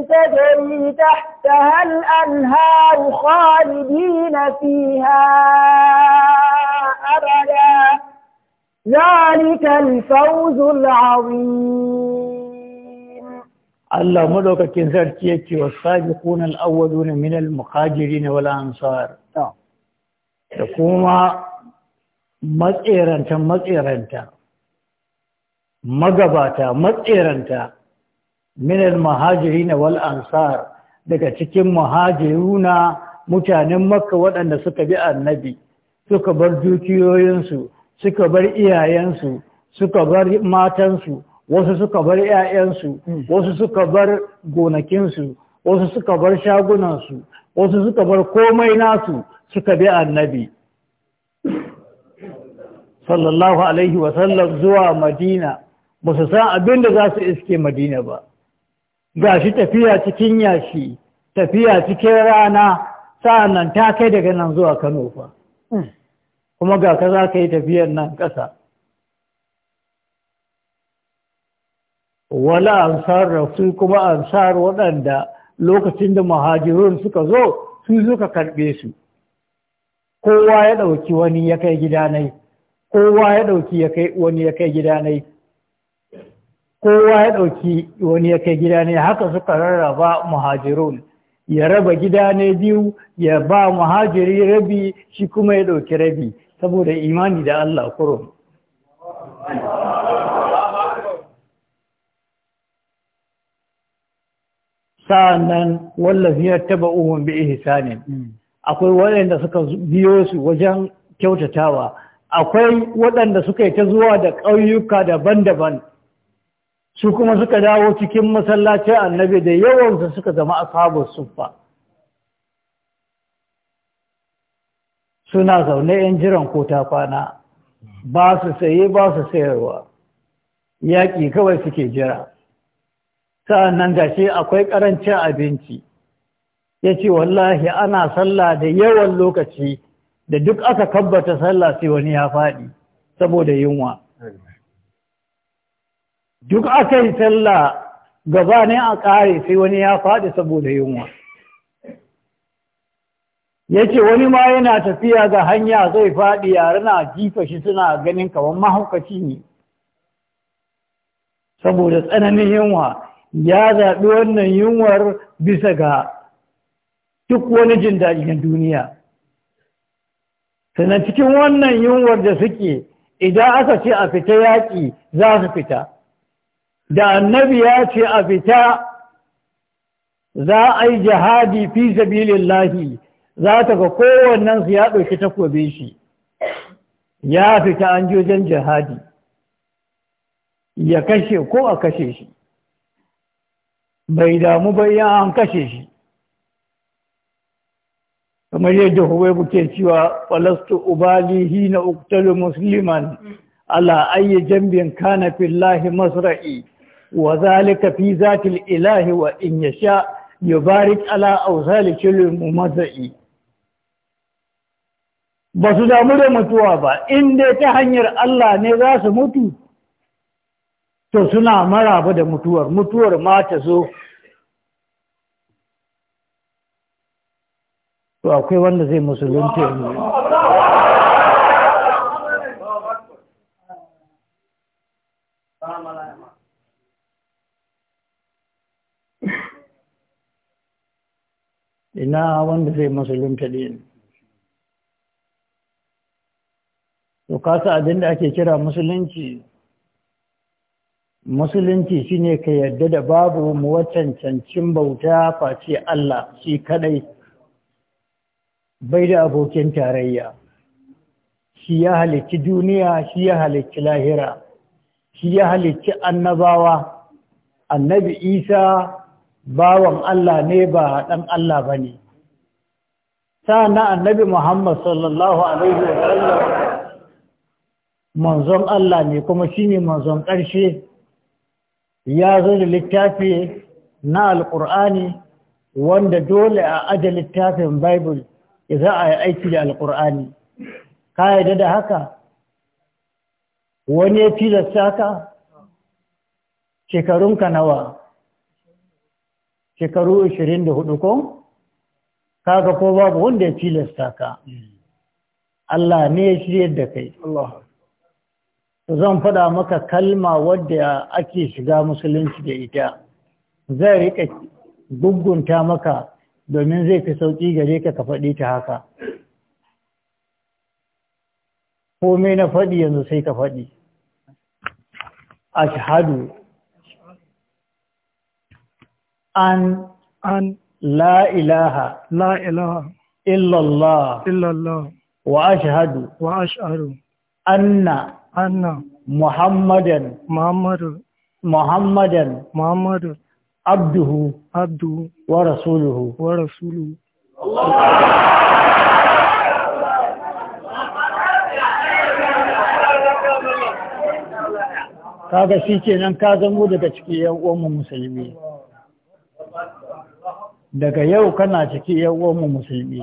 تجري تحتها الأنهار خالدين فيها أبدا ذلك الفوز العظيم الله ملوك كنزرتيك والسابقون الأولون من المهاجرين والأنصار تقوم مزئرا مزئرا magabata matseranta minal mahajirina wal ansar daga cikin muhajiruna mutanen makka waɗanda suka bi annabi suka bar dukiyoyinsu suka bar iyayensu suka bar matansu wasu suka bar 'ya'yansu hmm. wasu suka bar gonakinsu wasu suka bar shagunansu wasu suka bar komai nasu suka bi annabi sallallahu alaihi wasallam zuwa madina ba su san abin da za su iske madina ba ga shi tafiya cikin yashi tafiya cikin rana sa'annan ta kai daga nan zuwa kano fa hmm. kuma ga ka za ka yi tafiyar nan ƙasa wala ansar su kuma ansar waɗanda lokacin da muhajirun suka zo su suka karɓe su kowa ya ɗauki wani ya kai gidanai kowa ya ɗauki wani ya kai gidanai kowa ya ɗauki wani ya kai gida ne haka suka rarraba muhajirun ya raba gida ne biyu ya ba muhajiri rabi shi kuma ya ɗauki rabi saboda imani da Allah kurum sa'annan wallafi ya taba umar bi ihsanin akwai waɗanda suka biyo su wajen kyautatawa akwai waɗanda suka yi ta zuwa da ƙauyuka daban-daban su kuma suka dawo cikin masallacin annabi da yawansu suka zama ashabar suffa suna zaune yan jiran ko ta kwana ba su saye ba su sayarwa yaƙi kawai suke jira sa'annan gashi akwai ƙarancin abinci ya ce wallahi ana sallah da yawan lokaci da duk aka kabbata sallah sai wani ya faɗi saboda yunwa duk aka yi sallah gaba ne a ƙare sai wani ya faɗi saboda yunwa ya ce wani ma yana tafiya ga hanya zai faɗi yare na jifa shi suna ganin kamar mahaukaci ne saboda tsananin yunwa ya zaɓi wannan yunwar bisa ga duk wani jin daɗi na duniya sannan cikin wannan yunwar da suke idan aka ce a fita yaƙi za su fita da annabi ya ce a fita za a yi jihadi fi lahi za ta ga kowannen su ya ɗauki takobin shi ya fita an jojen jihadi ya kashe ko a kashe shi bai damu bayan an kashe shi kamar yadda huwai buke cewa falastu ubalihi na uktalu musliman mm. ala ayi bin kanafin lahi masra'i wa zalika fi zatil ilahi wa in yasha yubarik ala awzalikil mumazzi ba su damu da mutuwa ba in dai ta hanyar Allah ne za su mutu to suna mara ba da mutuwar mutuwar ma ta zo to akwai wanda zai musulunta yanzu ina wanda zai musulunta din to kasa abin da ake kira musulunci musulunci shine ka yadda da babu mu muwaccancancin bauta face Allah shi kadai bai da abokin tarayya shi ya halicci duniya shi ya halicci lahira shi ya halicci annabawa annabi isa bawan Allah ne ba ɗan Allah ba ne na annabi Muhammad sallallahu Alaihi wasallam manzon Allah ne kuma shi ne manzon ƙarshe ya zo da littafi na alƙur'ani wanda dole a aje littafin Bible za a yi aiki da alƙur'ani. Ka yi da haka? Wani ya tilasta ka? Shekarunka nawa? shekaru 24 ko kaga ko babu wanda ya tilasta ka Allah ne ya shirye da kai zan faɗa maka kalma wadda ake shiga musulunci da ita zai rika gugunta maka domin zai fi sauƙi gare ka ka faɗi ta haka Ko komai na faɗi yanzu sai ka faɗi ashhadu an an la ilaha la ilaha illallah illallah wa ashhadu wa ashhadu anna anna muhammadan muhammadu muhammadan muhammadu abduhu abduhu wa rasuluhu wa rasuluhu kaga shi kenan ka zamo daga cikin yan uwan musulmi daga yau kana ciki yawon musulmi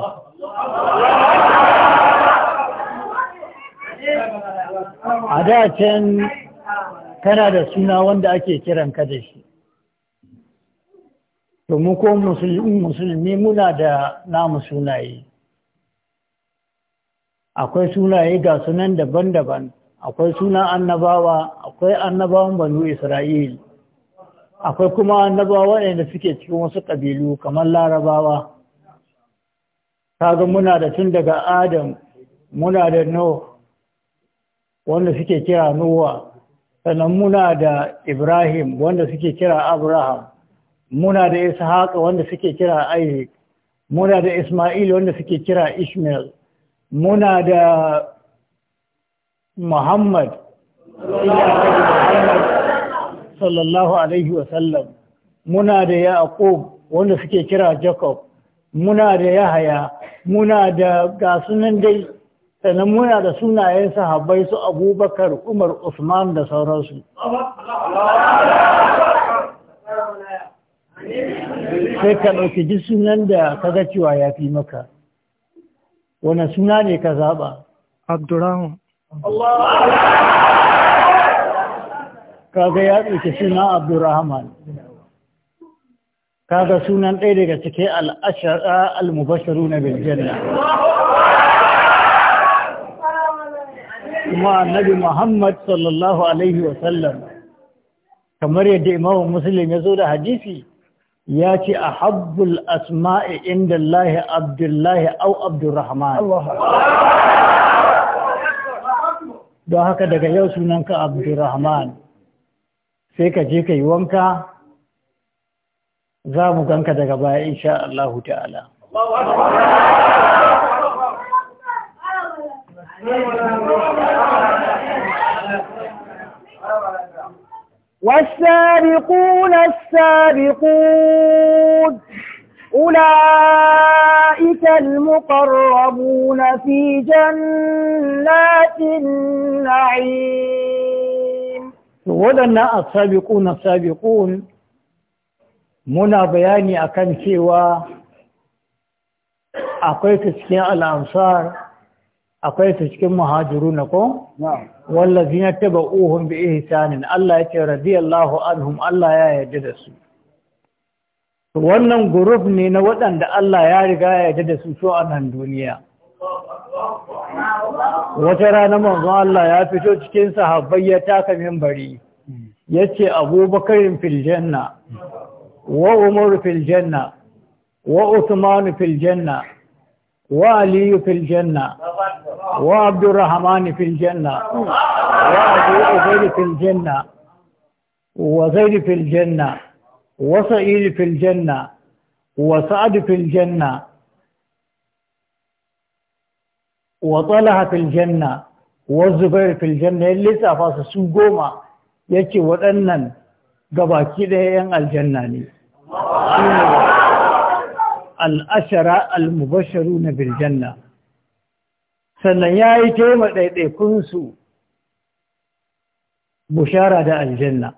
a da can kana da suna wanda ake kiran ka da shi domin ko musulmi muna da namu sunaye akwai sunaye ga sunan daban-daban akwai sunan annabawa akwai annabawan banu isra'il akwai kuma annabawa waɗanda suke cikin wasu ƙabilu kamar larabawa kaga muna da tun daga adam muna da no wanda suke kira nuwa sannan muna da ibrahim wanda suke kira abraham muna da ishaq wanda suke kira isaac muna da isma'il wanda suke kira ishmael muna da muhammad sallallahu alaihi wasallam muna da yaqub wanda suke kira jacob muna da yahaya muna da gasunan dai sannan muna da sunayen sahabbai su abubakar umar usman da sauransu sai ka ɗauki duk sunan da ka ga cewa ya fi maka wani suna ne ka zaɓa abdurrahman kaga ya ɗauki suna abdurrahman kaga sunan ɗaya daga cike al'ashara al-mubasharu na biljanna kuma annabi muhammad sallallahu alaihi wasallam kamar yadda imamu musulun ya zo da hadisi ya ce a habbul asma'i inda lahi abdullahi au abdurrahman don haka daga yau sunanka abdurrahman sai ka je ka yi wanka za mu ganka daga baya insha Allah ta'ala والسابقون السابقون أولئك المقربون في جنات النعيم to waɗannan na asabiqun muna bayani akan cewa akwai ta cikin al'amsar akwai ta cikin muhajiru na ko? zina ta ba ohun bi ihsanin Allah ya ce radiyallahu anhum Allah ya yarda da su wannan guruf ne na waɗanda Allah ya riga ya yarda da su so a nan duniya wata rana manzo Allah ya fito cikin sahabbai ya taka minbari yace abubakarin fil janna wa umar fil janna wa uthman fil janna wa ali fil janna wa abdurrahman fil janna wa abu ubayd fil janna wa zaid fil janna wa sa'id fil janna wa sa'd fil janna wa talaha fil janna wa zubair fil janna ya lissafa su su goma yace waɗannan gabaki ɗaya yan aljanna ne al'ashara al-mubasharu na birjanna sannan ya yi taima ɗaiɗaikunsu bushara da aljanna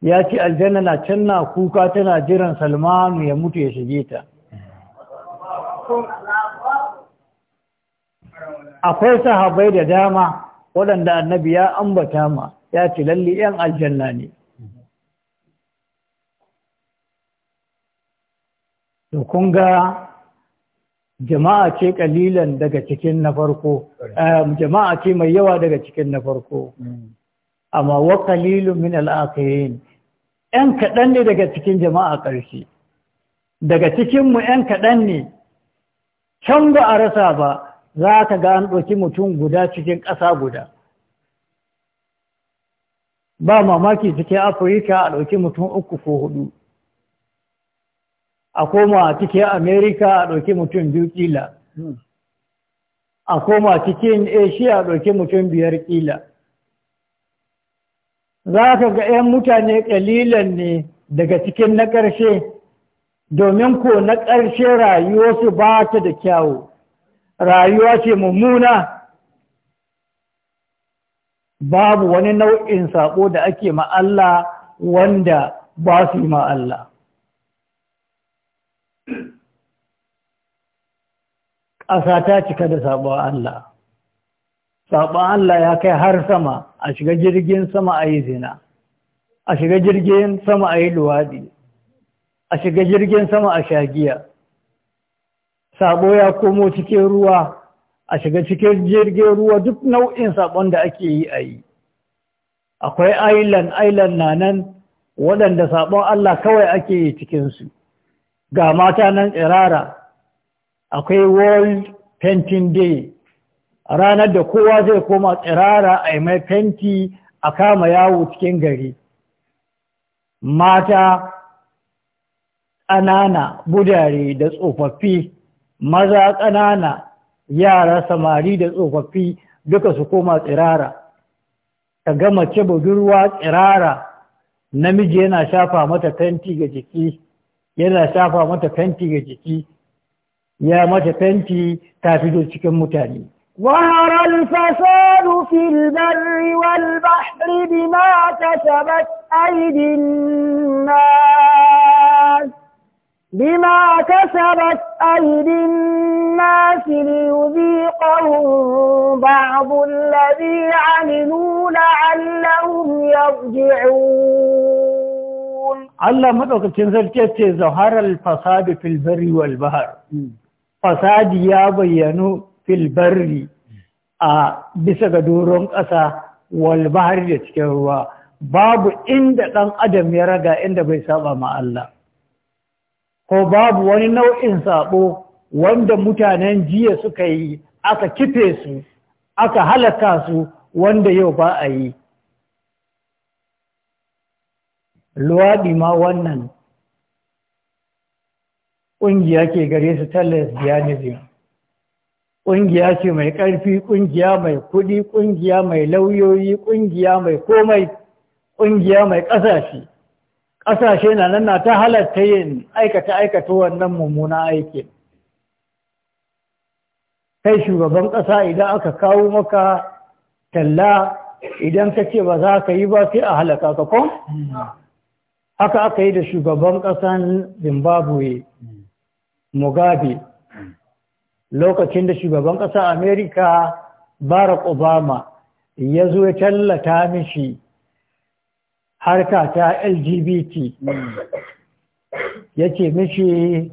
ya ce aljanna na canna kuka tana jiran salmanu ya mutu ya shige ta akwai sahabai da dama waɗanda annabi ya ambata ma ya ce lalle yan aljanna ne to kun ga jama'a ce kalilan daga cikin na farko eh, jama'a ce mai yawa daga cikin na farko amma wa kalilun min al'akhirin yan kaɗan ne daga cikin jama'a ƙarshe daga cikinmu yan kaɗan ne can ba a rasa ba za ka ga an ɗauki mutum guda cikin ƙasa guda ba mamaki cikin afirka a ɗauki mutum uku ko hudu a koma cikin amerika a ɗauki mutum biyu ƙila a koma cikin asia a ɗauki mutum biyar ƙila za ka ga 'yan mutane ƙalilan ne daga cikin na ƙarshe domin ko na ƙarshe rayuwarsu ba ta da kyawu rayuwa ce mummuna babu wani nau'in saƙo da ake ma Allah wanda ba su yi ma ƙasa ta cika da saɓon Allah saɓon Allah ya kai har sama a shiga jirgin sama a yi zina a shiga jirgin sama a yi luwaɗi a shiga jirgin sama a shagiyar sabo ya komo cikin ruwa a shiga cikin jirgin ruwa duk nau'in sabon da ake yi a yi akwai island island na nan waɗanda sabon Allah kawai ake yi cikinsu ga mata nan tsirara akwai world painting day ranar da kowa zai koma tsirara a mai fenti a kama yawo cikin gari mata ƙanana budare da tsofaffi maza ƙanana yara samari da tsofaffi duka su koma tsirara ta gama ce budurwa tsirara namiji yana shafa mata fenti ga jiki yana shafa mata fenti ga jiki ya mata fenti ta fito cikin mutane ظهر الفساد في البر والبحر بما كسبت أيدي الناس بما كسبت أيدي الناس ليذيقهم بعض الذي عملوا لعلهم يرجعون الله مدوكتين زركيتي ظهر الفساد في البر والبحر فساد يا بيانو في البر bisa ga doron ƙasa walbahar da cikin ruwa babu inda ɗan adam ya raga inda bai saba ma Allah ko babu wani nau'in sabo wanda mutanen jiya suka yi aka kife su aka halaka su wanda yau ba a yi luwaɗi ma wannan ƙungiya ke gare su ta lesbianism ƙungiya ce mai ƙarfi ƙungiya mai kuɗi ƙungiya mai lauyoyi ƙungiya mai komai ƙungiya mai ƙasashe ƙasashe na nan na ta halatta yin aikata aikata wannan mummuna aiki kai shugaban ƙasa idan aka kawo maka talla idan ka ce ba za ka yi ba sai a halaka ka kwan haka aka yi da shugaban ƙasan zimbabwe mugabe lokacin da shugaban ƙasa amerika barack obama ya zo ya tallata mishi harka ta lgbt ya ce mishi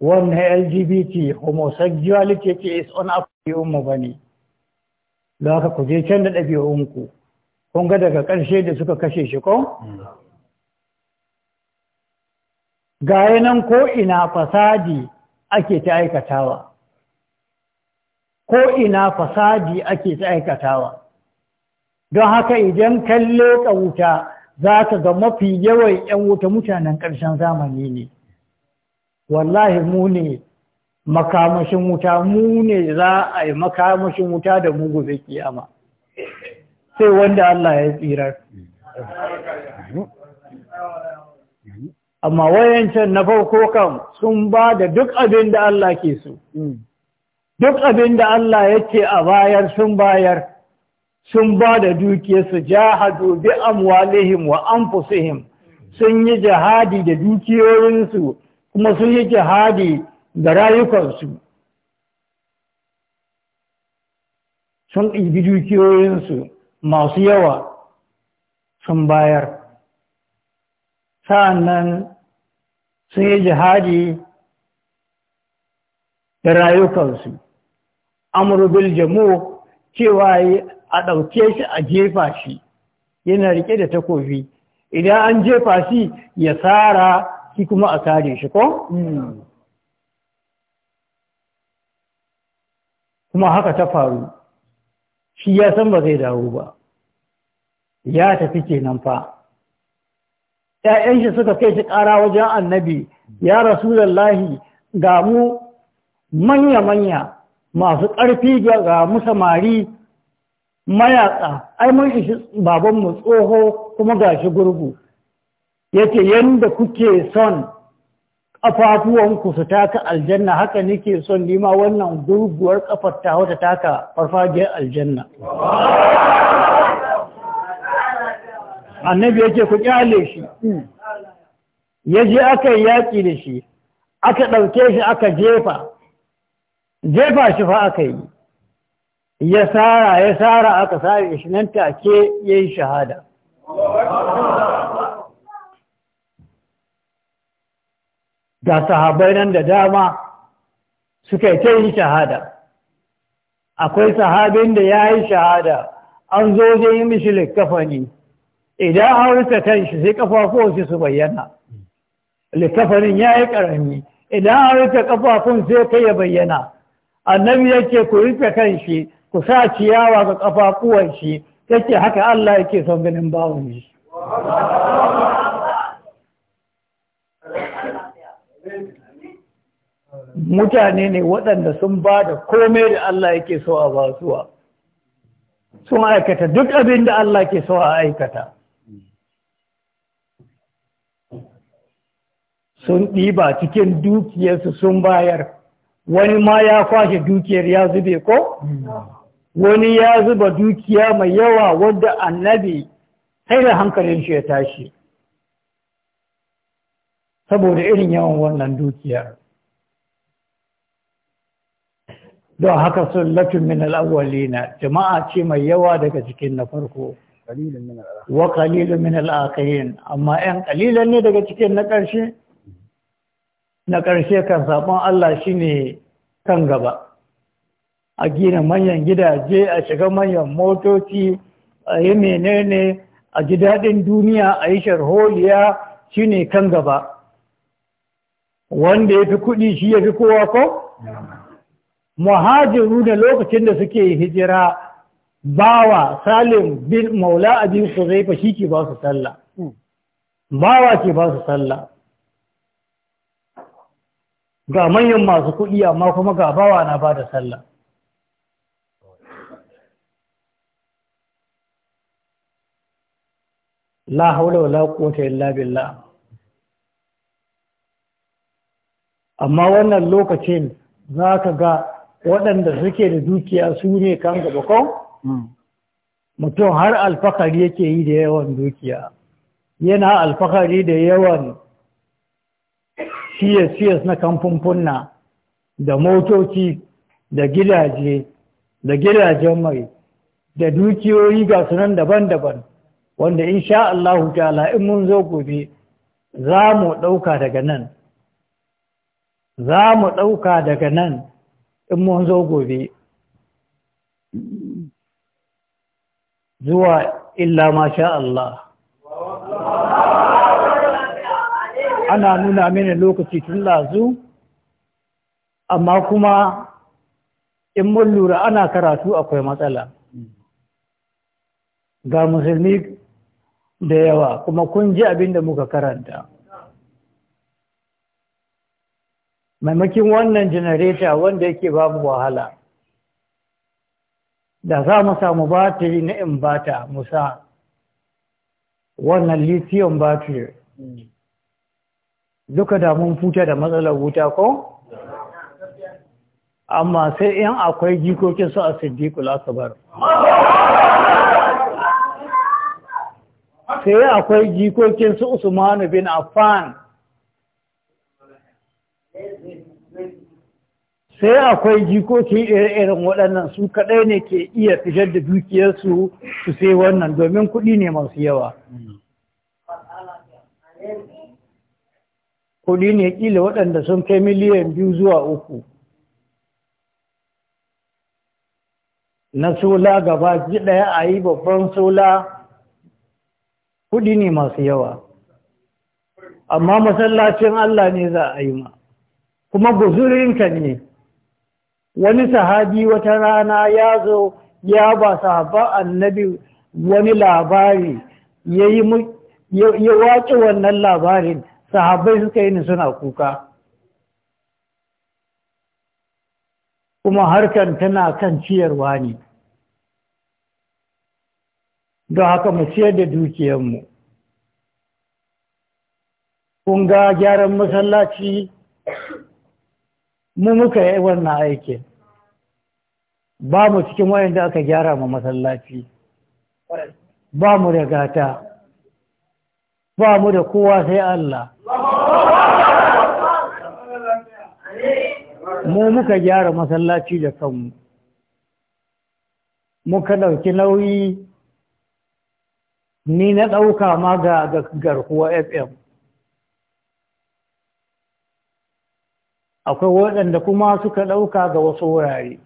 wannan lgbt homosexuality yake is on mu ba ne da aka ku je can da ɗabi'unku kun ga daga ƙarshe da suka kashe shi ko? gaya nan ko fasadi ake ta aikatawa ko ina fasadi ake ta aikatawa don haka idan kalle ka wuta za ka ga mafi yawan 'yan wuta mutanen ƙarshen zamani ne wallahi mu ne makamashin wuta mu ne za a yi makamashin wuta da mu gobe kiyama sai wanda Allah ya tsirar amma wayancan na farko kan sun ba da duk abin da Allah ke so hmm. duk abin da Allah ya ce a bayar sun bayar sun ba da dukiyarsu jahadu bi amwalihim wa anfusihim sun yi jihadi da dukiyoyinsu kuma sun yi jihadi da rayukansu sun ɗibi dukiyoyinsu masu yawa sun bayar sa'annan sun yi jihadi da rayukansu amurbil jamu cewa a ɗauke shi a jefa shi yana riƙe da takobi idan an jefa shi ya tsara shi kuma a kare shi ko? kuma haka ta faru shi ya san ba zai dawo ba ya tafi kenan fa ‘ya'yan shi suka kai shi ƙara wajen annabi ya rasu lallahi ga mu manya-manya masu ƙarfi ga mu samari mayaƙa ai mun ishi babanmu tsoho kuma gashi gurgu yake yadda kuke son ku su taka aljanna haka nake son nima wannan gurguwar ƙafar ta wata taka farfajiyar aljanna annabi yake ku kyale shi ya je aka yaƙi da shi aka ɗauke shi aka jefa jefa shi fa aka yi ya sara ya sara aka tsara shi nan take ya yi shahada da sahabbai nan da dama suka yi ta yi shahada akwai sahabin da yayi shahada an zo zai yi mishi likafani idan haurta kan shi sai shi su bayyana likafanin ya yi ƙarami idan haurta kafafun sai kai ya bayyana annabi yake ku rufe kan shi ku sa ciyawa ga kafafuwan shi haka Allah yake son ganin bawon shi mutane ne waɗanda sun ba da komai da Allah yake so a basuwa sun aikata duk abin da Allah ke so a aikata sun ɗiba cikin dukiyarsu sun bayar wani ma ya kwashe dukiyar ya zube ko? wani ya zuba dukiya mai yawa wadda annabi sai da hankalin shi ya tashi saboda irin yawan wannan dukiya. don haka sun sullatun min na jama'a ce mai yawa daga cikin na farko wa kalilin min al'akayin amma 'yan kalilan ne daga cikin na ƙarshe na ƙarshe kan saɓon Allah shi ne kan gaba a gina manyan gidaje a shiga manyan motoci a yi menene a ji daɗin duniya a yi sharholiya shi ne kan gaba wanda ya fi kuɗi shi ya fi kowa ko? muhajiru da lokacin da suke hijira bawa salim bin maula abin su zai shi ke ba su sallah bawa ke ba su sallah ga manyan masu kuɗi amma kuma ga bawa na ba da sallah la haula wala quwwata illa billah amma wannan lokacin zaka ga waɗanda suke da dukiya su ne kan gaba ko mutum har alfakari yake yi da yawan dukiya yana alfakari da yawan siyas-siyas na kamfunfunna da motoci da gidaje da gidajen mai da dukiyoyi ga sunan daban-daban wanda in sha Allah ta'ala in mun zo gobe za mu ɗauka daga nan za mu ɗauka daga nan in mun zo gobe zuwa illa ma sha Allah ana nuna mini lokaci tun lazu amma kuma in mun lura ana karatu akwai matsala ga musulmi da yawa kuma kun ji abin da muka karanta maimakin wannan janareta wanda yake babu wahala da za mu samu batiri na bata musa wannan lithium battery duka da mun futa da matsalar wuta ko? amma sai in akwai jikokin su a siddiƙul asabar. sai akwai jikokin su Usmanu bin Affan sai akwai jikoki irin waɗannan su kaɗai ne ke iya fitar da dukiyarsu su sai wannan domin kuɗi ne masu yawa kuɗi ne ƙila waɗanda sun kai miliyan biyu zuwa uku na sola gaba ɗaya a yi babban sola kudi ne masu yawa amma masallacin Allah ne za a yi ma kuma guzurinka ne wani sahabi wata rana ya zo ya ba sahaba annabi wani labari ya waƙi wannan labarin sahabai suka yi ni suna kuka kuma harkar tana kan ciyarwa ne don haka mu ciyar da dukiyarmu kun ga gyaran masallaci mu muka yi wannan aikin ba mu cikin da aka gyara ma masallaci ba mu da gata ba mu da kowa sai Allah mu muka gyara masallaci da kanmu muka ɗauki nauyi ni na ɗauka ma ga garkuwa fm akwai waɗanda kuma suka ɗauka ga wasu wurare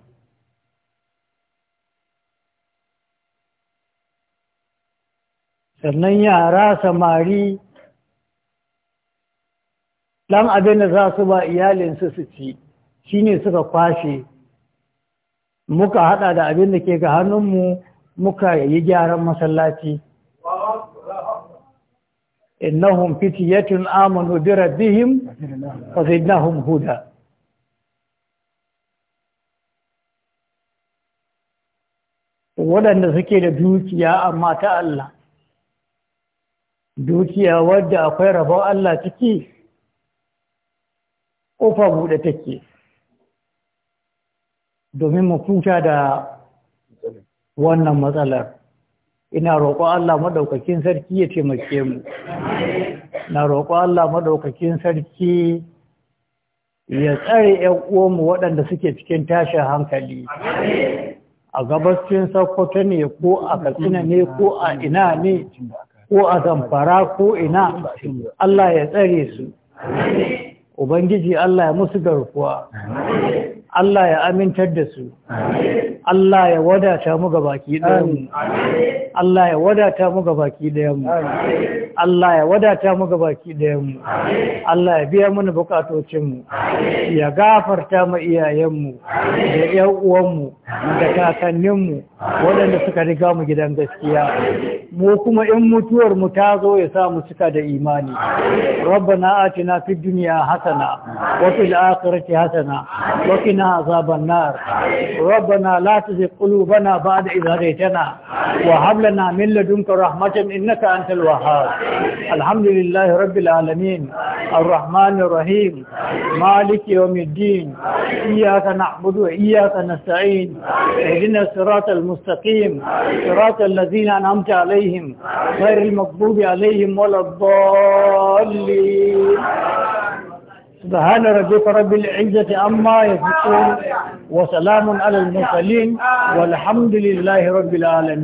sannan yara samari ɗan abin da za su ba iyalinsu su ci shi ne suka kwashe muka haɗa da abin da ke ga hannunmu muka yi gyaran masallaci innahum fitiyatun amanu bi rabbihim wa huda waɗanda suke da dukiya amma ta Allah dukiya wadda akwai rabon Allah ciki ƙofa buɗe take domin mu kuta da wannan matsalar ina roƙon Allah maɗaukakin sarki ya taimake mu na roƙon Allah maɗaukakin sarki ya tsare ‘yan’uwanmu mu waɗanda suke cikin tashin hankali a gabas cin Sokoto ne ko a Katsina ne ko a ina ne ko a Zamfara ko ina Allah ya tsare su Ubangiji Allah ya musu garkuwa Allah ya amintar da su Allah ya wadata mu ga baki ɗayan Allah ya wadata mu gabaki da yamma. Allah ya wadata mu gabaki da yamma. Allah ya biya mana bukatocinmu ya gafarta mu iyayenmu, ya da yan uwanmu da kakanninmu. mu waɗanda suka riga mu gidan gaskiya mu kuma in mutuwar mu ta zo ya sa mu cika da imani rabbana atina fid duniya hasana wa fil akhirati hasana wa qina azaban nar rabbana la tuzigh qulubana ba'da idh hadaytana wa hab لنا من لدنك رحمة إنك أنت الوهاب الحمد لله رب العالمين الرحمن الرحيم مالك يوم الدين إياك نعبد وإياك نستعين اهدنا الصراط المستقيم صراط الذين أنعمت عليهم غير المغضوب عليهم ولا الضالين سبحان ربك رب العزة عما يصفون وسلام على المرسلين والحمد لله رب العالمين